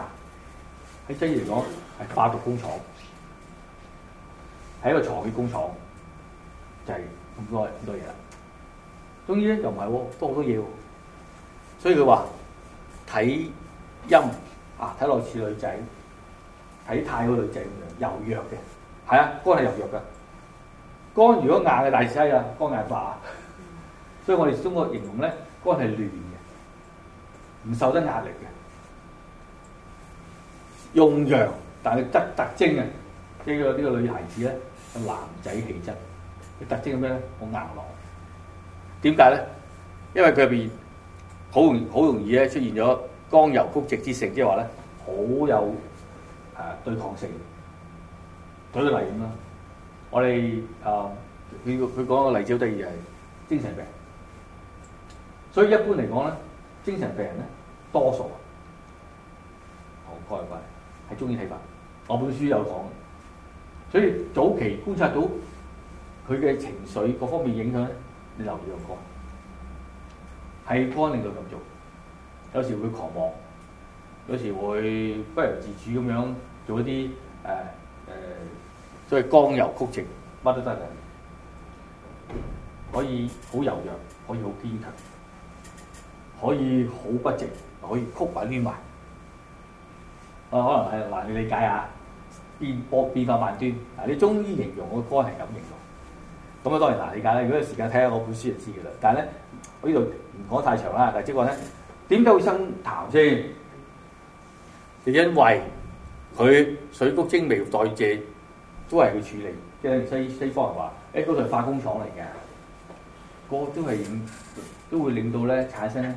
喺西醫嚟講係化毒工廠，喺一個造血工廠，就係、是、咁多咁多嘢啦。中醫咧就唔係喎，多好多嘢喎、哦。所以佢話睇陰啊，睇落似女仔，睇太個女仔咁樣柔弱嘅，係啊，肝係柔弱噶。肝如果硬嘅大師啊，肝硬化啊。所以我哋中國形容咧。肝係亂嘅，唔受得壓力嘅，用陽，但係得特徵啊！呢、這個呢、這個女孩子咧，係男仔氣質，佢特徵係咩咧？好硬朗，點解咧？因為佢入邊好容好容易咧出現咗剛柔曲直之性，即係話咧好有誒、啊、對抗性。舉個例咁啦，我哋誒佢佢講個例子好得意就係、是、精神病。所以一般嚟講咧，精神病人咧多數啊，寒肝病係中醫睇法。我本書有講，所以早期觀察到佢嘅情緒各方面影響咧，你留意個肝，係肝令到咁做，有時會狂妄，有時會不由自主咁樣做一啲誒誒，所謂剛柔曲直乜都得嘅，可以好柔弱，可以好堅強。可以好不值，可以曲韻牽埋，啊可能係難以理解啊，變波變化萬端。嗱、啊，你中醫形容，我乾係咁形容。咁啊，當然難理解啦。如果時間睇下我本書就知嘅啦。但係咧，我呢度唔講太長啦。但係即係話咧，點解會生痰先？就因為佢水谷精微代謝都係佢處理。即係西西方人話，誒嗰度係化工廠嚟嘅，個都係都會令到咧產生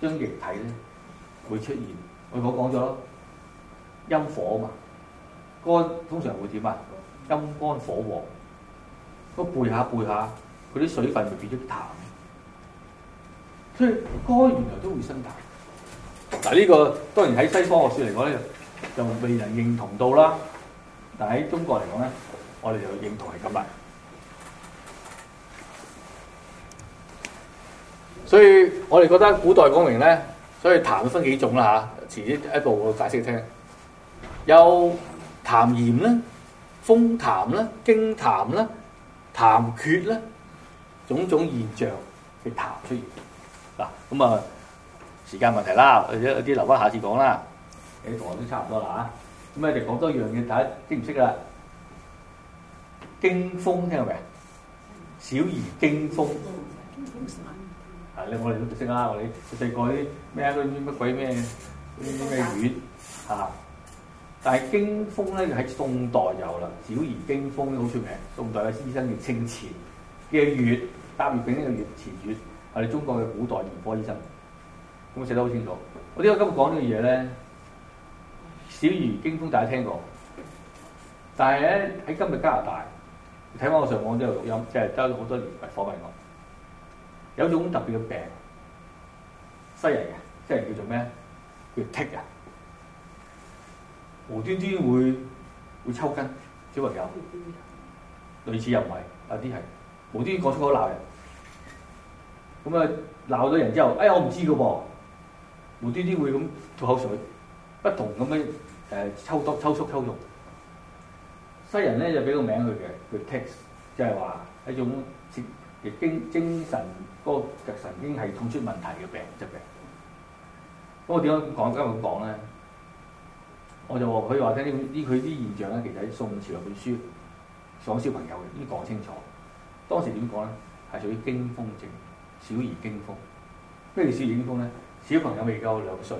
將液體咧會出現，我講講咗咯，陰火嘛，肝通常會點啊？陰肝火旺，個背下背下，佢啲水分咪變咗痰咧，所以肝原來都會生痰。嗱，呢個當然喺西方學説嚟講咧就未能認同到啦，但喺中國嚟講咧，我哋就認同係咁啊。所以我哋覺得古代講明咧，所以痰分幾種啦嚇、啊，遲啲一步解釋聽。有痰涎啦、風痰啦、驚痰啦、痰厥啦，種種現象嘅痰出現。嗱、啊，咁啊時間問題啦，有啲留翻下次講啦。誒同學都差唔多啦嚇，咁我哋講多一樣嘢睇識唔識啦。驚風聽未啊？小兒驚風。嗯係咧、啊，我哋都唔識啦，我哋細個啲咩啲乜鬼咩，嗰咩丸嚇。但係驚風咧，喺宋代有啦，《小兒驚風》好出名。宋代嘅醫生叫清慈嘅月，搭月餅呢個月慈月係中國嘅古代兒科醫生，咁寫得好清楚。我今講呢個今日講呢樣嘢咧，《小兒驚風》大家聽過，但係咧喺今日加拿大，睇翻我上網都有錄音，即係都有好多年訪問、啊、我。有種特別嘅病，西人嘅，啊，即係叫做咩？叫 Tic 嘅，啊，無端端會會抽筋，小朋友類似又唔係，有啲係無端端講出口鬧人，咁啊鬧咗人之後，哎我唔知嘅噃，啊，無端端會咁吐口水，不同咁樣誒抽多抽搐抽搐。西人咧就俾個名佢嘅，叫 Tic，即係話一種。亦精神嗰個神經系統出問題嘅病疾病，咁我點解咁講？點解咁講咧，我就話佢話聽呢呢佢啲現象咧，其實喺宋朝有本書講小朋友嘅，已經講清楚。當時點講咧？係屬於驚風症，小兒驚風。咩叫小兒驚風咧？小朋友未夠兩歲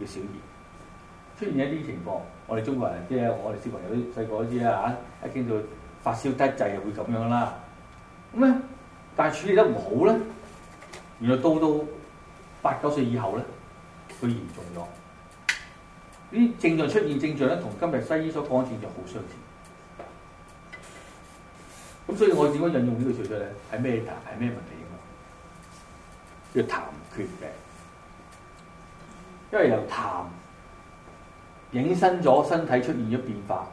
叫小兒，出現一啲情況，我哋中國人即係我哋小朋友啲細個都知啦嚇。一聽到發燒得滯啊，會咁樣啦，咁咧。但係處理得唔好咧，原來到到八九歲以後咧，佢嚴重咗。呢、嗯、啲症狀出現症狀咧，同今日西醫所講嘅症狀好相似。咁所以我點解引用個呢句詞嘅咧？係咩？係咩問題啊？叫痰厥病，因為由痰引申咗身體出現咗變化，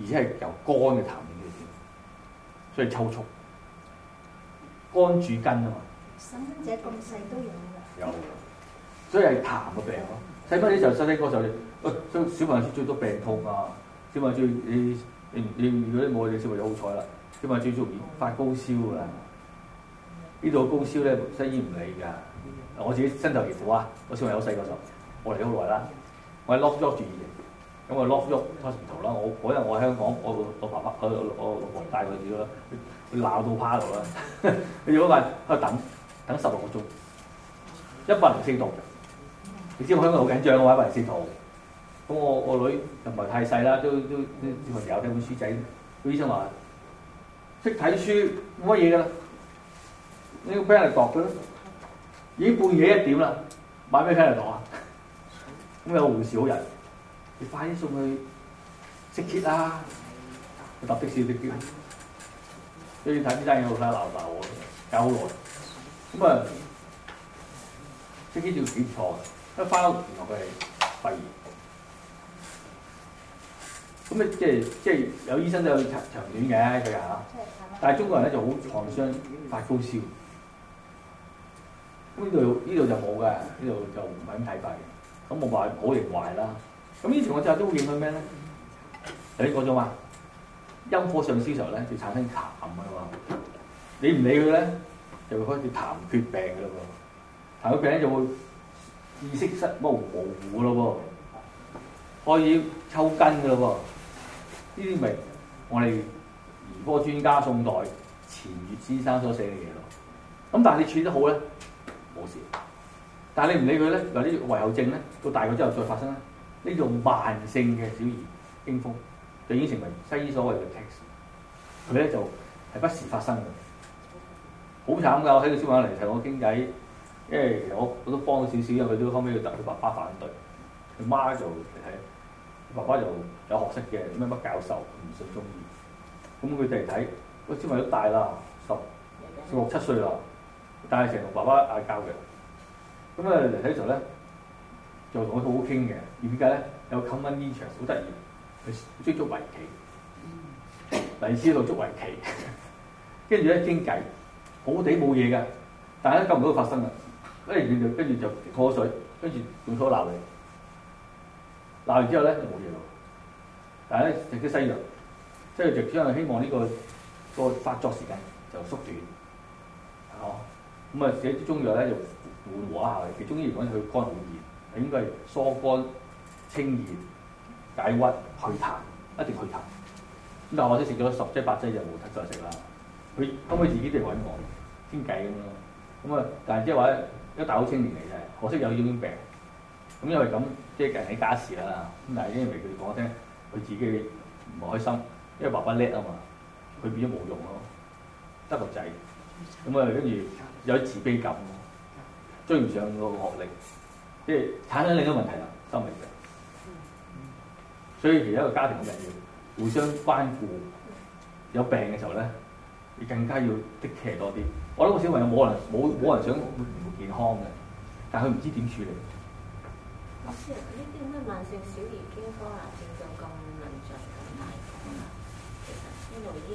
而且係由肝嘅痰引起嘅，所以抽搐。肝主筋啊嘛，細蚊仔咁細都有嘅，有，所以係痰嘅病咯。細蚊仔就細細個就，我、欸、小小朋友最多病痛啊，小朋友最你你你如果你冇你小朋友好彩啦，小朋友最容易發高燒嘅。呢度高燒咧，西醫唔理㗎，我自己身受其苦啊！我小朋友細個就，我嚟好耐啦，我係 lock l 住嘅，咁啊 lock l o 頭啦。我嗰日我喺香港，我我爸爸，我我老婆帶佢住咯。鬧到趴喺 度啦！你如果話喺度等等十六個鐘，一百零四度，你知我香港好緊張嘅話一百零四度。咁我我女又唔係太細啦，都都小朋友睇本書仔。個醫生話識睇書乜嘢㗎啦？你要俾人擱嘅啦。 已經半夜一點啦，買咩俾人擱啊？咁 有個護士好人，你快啲送去識揭啦，去搭的士識都要睇啲真嘢，好睇下流我喎，搞好耐。咁、嗯、啊、嗯，即呢啲叫比賽，一翻屋原來佢係肺炎。咁、嗯、啊，即係即係有醫生都有長長短嘅，佢啊，但係中國人咧就好創傷，發高燒。咁、嗯嗯嗯、呢度呢度就冇、是、嘅，呢度就唔係咁睇法嘅。咁我話好定壞啦。咁以前我就都會影響咩咧？呢個種啊。陰火上燒時候咧，就產生痰啊嘛。你唔理佢咧，就會開始痰厥病嘅咯噃，痰厥病咧就會意識失不模糊嘅咯喎，可以抽筋嘅咯喎。呢啲咪我哋兒科專家宋代錢月先生所寫嘅嘢咯。咁但係你處得好咧，冇事。但係你唔理佢咧，嗱啲遺後症咧，到大個之後再發生咧，呢種慢性嘅小兒驚風。就已經成為西醫所謂嘅 text，佢咧就係、是、不時發生嘅，好慘㗎！我睇個小朋友嚟同我傾偈、哎，因為我我都幫少少，因為佢都後屘佢同爸爸反對，佢媽就嚟睇，爸爸就有學識嘅，乜乜教授唔信中醫。咁佢哋嚟睇，個小朋友都大啦，十六七歲啦，但係成日同爸爸嗌交嘅，咁啊嚟睇就咧就同佢好好傾嘅，點解咧有 common interest 好得意？佢追逐圍棋，第二次度捉圍棋，跟住咧傾計，好地冇嘢㗎，但係咧救唔到佢發生啦，跟住就跟住就破水，跟住用拖鬧你，鬧完之後咧就冇嘢喎，但係咧食啲西藥，即係食因為希望呢、這個、這個發作時間就縮短，哦、嗯，咁啊寫啲中藥咧就緩和下嘅，佢中醫嚟講，佢肝好熱，應該係疏肝清熱。解鬱去痰，一定去痰。咁但係我先食咗十劑八劑就冇得再食啦。佢可唔可以自己哋揾我傾偈咁咯？咁啊，但係即係話一大好青年嚟嘅，可惜有呢種病。咁因為咁，即係人喺家事啦。咁但係因為佢講我聽，佢自己唔開心，因為爸爸叻啊嘛，佢變咗冇用咯，得個仔。咁啊，跟住有啲自卑感，追唔上個學歷，即係產生另一個問題啦，心理所以其實一個家庭要互相關顧。有病嘅時候咧，你更加要的騎多啲。我諗個小朋友冇人冇冇人想佢唔健康嘅，但係佢唔知點處理。老師，呢啲咩慢性小兒經科癌症就咁難診咁難治嗎？其實一路醫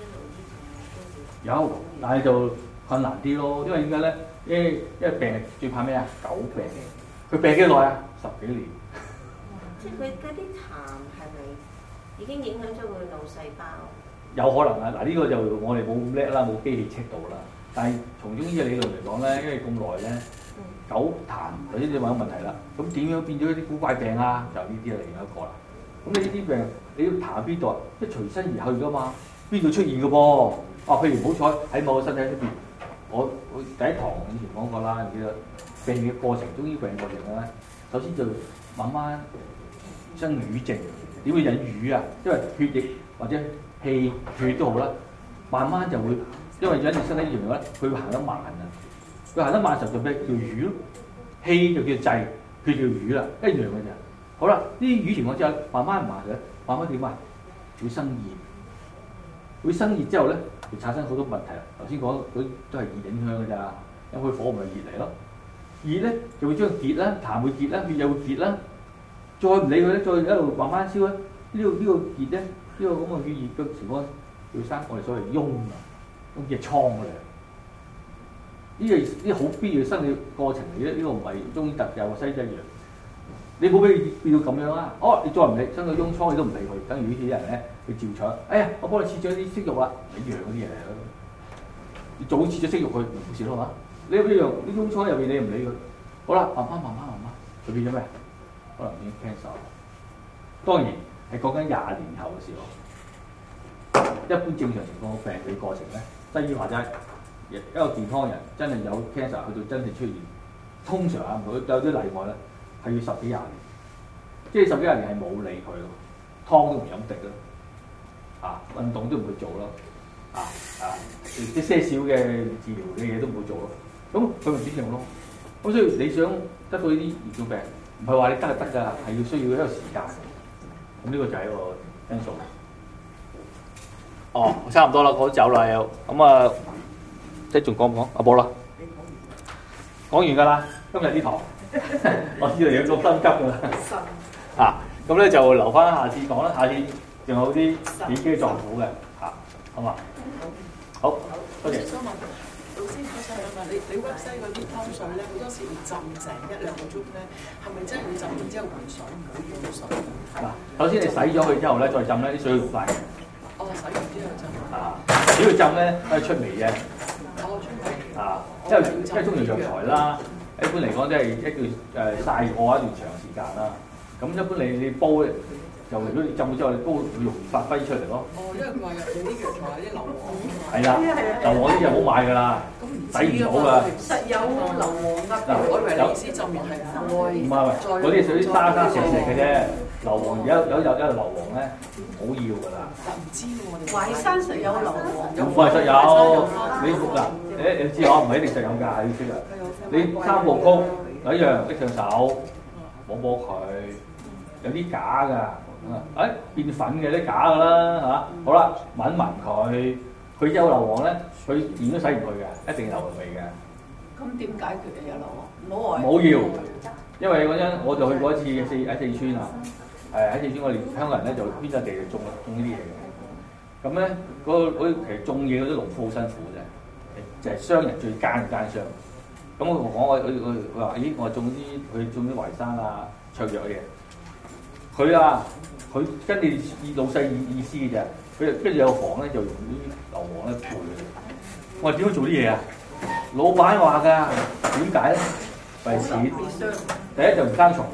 一路醫嘅都要。啊嗯、有，但係就困難啲咯。因為點解咧？因為因為病最怕咩啊？久病。佢病幾耐啊？十幾年。嗯、即係佢嗰啲痰係咪已經影響咗佢腦細胞？有可能啊！嗱，呢個就我哋冇叻啦，冇機器尺度 e 啦。但係從中醫嘅理論嚟講咧，因為咁耐咧，狗、嗯、痰頭先你話個問題啦。咁點樣變咗一啲古怪病啊？就呢啲係另一個啦。咁你呢啲病你要痰邊度啊？即係隨身而去㗎嘛，邊度出現嘅噃？啊，譬如好彩喺某個身體入邊，我我第一堂以前講過啦，記得病嘅過程，中醫病過程咧，首先就慢慢。生淤症，點會引淤啊？因為血液或者氣血都好啦，慢慢就會因為引住身體嘢嚟咧，佢行得慢啊，佢行得慢時候就咩？叫淤咯，氣就叫滯，佢叫淤啦，一樣嘅啫。好啦，呢啲淤情況之後慢慢慢嘅，慢慢點啊？會生熱，會生熱之後咧，會產生好多問題。頭先講都係熱影響嘅咋，引開火咪熱嚟咯。熱咧就會將佢結啦、痰會結啦、血又會結啦。再唔理佢咧，再一路慢慢燒咧，呢、這個呢、這個熱咧，呢、這個咁嘅血熱腳全部要生，我哋所謂癰啊，咁叫瘡嚟。呢、這個呢好必要生理過程嚟咧，呢、這個唔係中醫特有嘅西醫一樣。你冇俾佢變到咁樣啊？哦，你再唔理，生到癰瘡你都唔理佢，等於呢啲人咧，佢照腸。哎呀，我幫你切咗啲息肉啦，你養嗰啲嘢咯。你早切咗息肉佢唔復視啦嘛？你一樣啲癰瘡入面你唔理佢，好啦，慢慢慢慢慢慢，佢變咗咩？可能啲 cancer，當然係講緊廿年後嘅事咯。一般正常情況病理過程咧，即係或者一個健康人真係有 cancer 去到真正出現，通常啊，佢有啲例外咧，係要十幾廿年，即係十幾廿年係冇理佢咯，湯都唔飲滴咯，啊，運動都唔會做咯，啊啊，一些少嘅治療嘅嘢都唔會做咯，咁佢咪正常咯。咁所以你想得到呢啲嚴重病？唔係話你得就得㗎，係要需要一個時間。咁呢個就係一個因素。哦，差唔多啦，我走啦又。咁啊，即係仲講唔講？阿波啦，講完，講完㗎啦。今日啲堂， 我知道有咁心急㗎啦、 啊。啊，咁咧就留翻下次講啦。下次仲有啲耳機狀苦嘅。嚇，好嘛？好，多謝。啊，你你屈西嗰啲湯水咧，好多時要浸凈一兩個鐘咧，係咪真係要浸完之後換水？唔好用水。係首先你洗咗佢之後咧，再浸咧啲水要快。哦，洗完之後浸。啊，只要浸咧都係出味嘅。哦，出 味。啊，即係因為中藥藥材啦，一般嚟講都係一段誒曬過一段長時間啦。咁一般你你煲就如果你浸咗之後，你高容易發揮出嚟咯。哦，因為佢話用啲藥材有啲硫磺，係啦，硫磺啲嘢唔好買㗎啦，抵唔到㗎。實有硫磺噏嘅，我以為你啲浸完係唔會。唔係㗎，嗰啲屬於沙沙石石嘅啫。硫磺有有有有硫磺咧，唔好要㗎啦。唔知喎，淮山實有硫磺。唔係實有，你嗱，誒你知我唔係一定實有㗎，係呢啲啊。你三個曲，一樣拎上手，摸摸佢，有啲假㗎。誒、哎、變粉嘅啲假嘅啦嚇，好啦，聞一聞佢，佢有硫磺咧，佢點都洗唔去嘅，一定有，味有硫磺味嘅。咁點解決啊？有硫磺，冇好要，因為嗰陣我就去過一次四喺四川啊，係喺、嗯、四川我哋香港人咧就邊陣地就種種呢啲嘢嘅。咁咧嗰個其實種嘢嗰啲農夫好辛苦嘅啫，就係商人最奸奸商。咁我同佢講，我我我話咦，我種啲佢種啲淮山啊、雀藥嘅嘢，佢啊～佢跟住老細意意思嘅啫，佢跟住有房咧就用啲硫磺咧配佢。我話點樣做啲嘢啊？老闆話㗎，點解咧？為錢。第一就唔生蟲，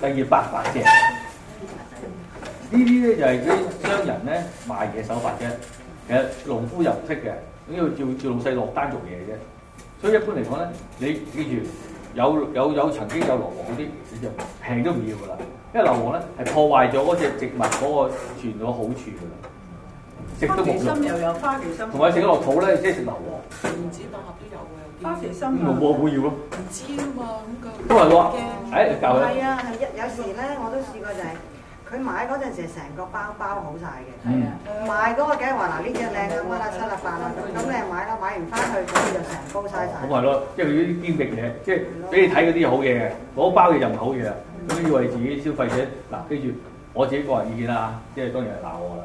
第二百百隻。呢啲咧就係啲商人咧賣嘢手法啫。其實農夫又唔識嘅，咁要叫叫老細落單做嘢啫。所以一般嚟講咧，你記住。有有有曾經有硫磺嗰啲，平都唔要噶啦，因為硫磺咧係破壞咗嗰隻植物嗰個傳咗好處噶啦，食都冇咗。花旗參又有，花旗參，同埋食落肚咧，即係食硫磺。連紙板盒都有嘅，花旗參！硫磺會要咯。唔知啊嘛咁嘅。都係喎，誒教係啊，係一有時咧，我都試過就係。佢買嗰陣時，成個包包好晒嘅。賣嗰個嘅話，嗱呢隻靚咁啦，七啊八啦，咁你買啦。買完翻去咁就成煲晒晒。咁咪咯，即係佢啲堅極嘢，即係俾你睇嗰啲好嘢嘅，包嘢就唔好嘢啦。咁以為自己消費者，嗱記住我自己個人意見啦，即啲人當然係鬧我啦，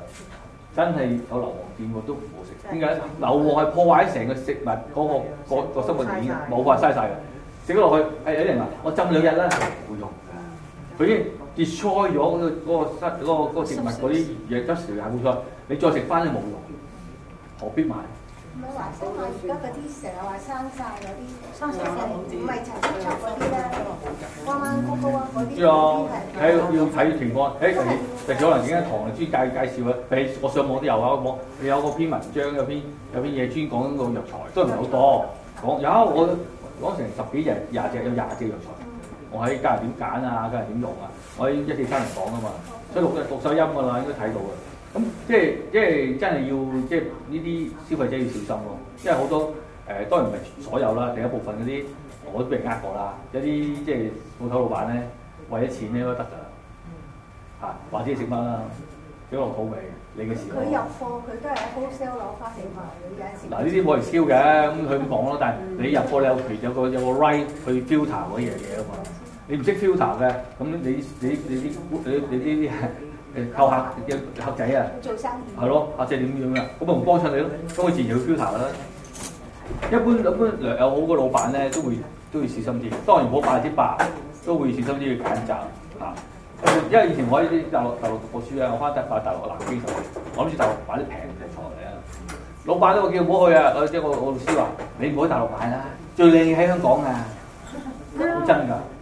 真係有硫磺店我都唔好食。點解？硫磺係破壞成個食物嗰個個個生物冇法嘥晒嘅。食落去，有人話啊，我浸兩日啦，冇用嘅，佢先。跌衰咗嗰個嗰個失嗰個嗰個食物嗰啲藥質又係冇錯，你再食翻咧冇用，何必買？唔好迷信，而家嗰啲成日話生曬嗰啲，生曬嗰啲唔係陳皮茶嗰啲咧，啱啱曲曲啊嗰啲。唔睇要睇情況。誒食食咗，可能點解唐老介介紹啊？俾我上網都有啊，網你有個篇文章，有篇有篇嘢專講呢個藥材，都唔係好多，講有我講成十幾日，廿隻，有廿隻藥材。我喺家下點揀啊？家下點用啊？我喺一四三嚟講啊嘛，所以錄嘅錄收音噶啦，應該睇到嘅。咁即係即係真係要即係呢啲消費者要小心咯，即係好多誒、呃、當然唔係所有啦，第一部分嗰啲我都俾人呃過啦，有啲即係鋪頭老闆咧為咗錢咧都得噶啦，嚇、啊、或者食乜啦，只落肚味，你嘅事。佢入貨佢都係喺 wholesale 攞翻嚟賣嘅，依嗱呢啲冇人燒嘅，咁佢咁講咯，但係你入貨你有有個有個 rate 去 adjust 嗰樣嘢啊嘛。你唔識 filter 嘅，咁你你你啲你你啲誒購客客仔啊，做生意係咯，客仔點樣啊？咁咪唔幫襯你咯，咁佢自己去 filter 啦。一般一般良友好嘅老闆咧，都會都會小心啲。當然唔好老闆之爸都會小心啲去揀擇。嗱、啊，因為以前我喺大陸大陸讀過書啊，我翻得翻大陸南京，我諗住大陸買啲平嘅嘢上嚟啊。老闆都叫唔好去啊！即、呃、係我我老師話：你唔好喺大陸買啦，最靚喺香港啊，好真㗎。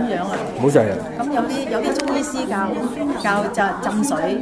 咁樣啊，冇錯，啊。咁、嗯嗯、有啲有啲中醫師教教就浸水。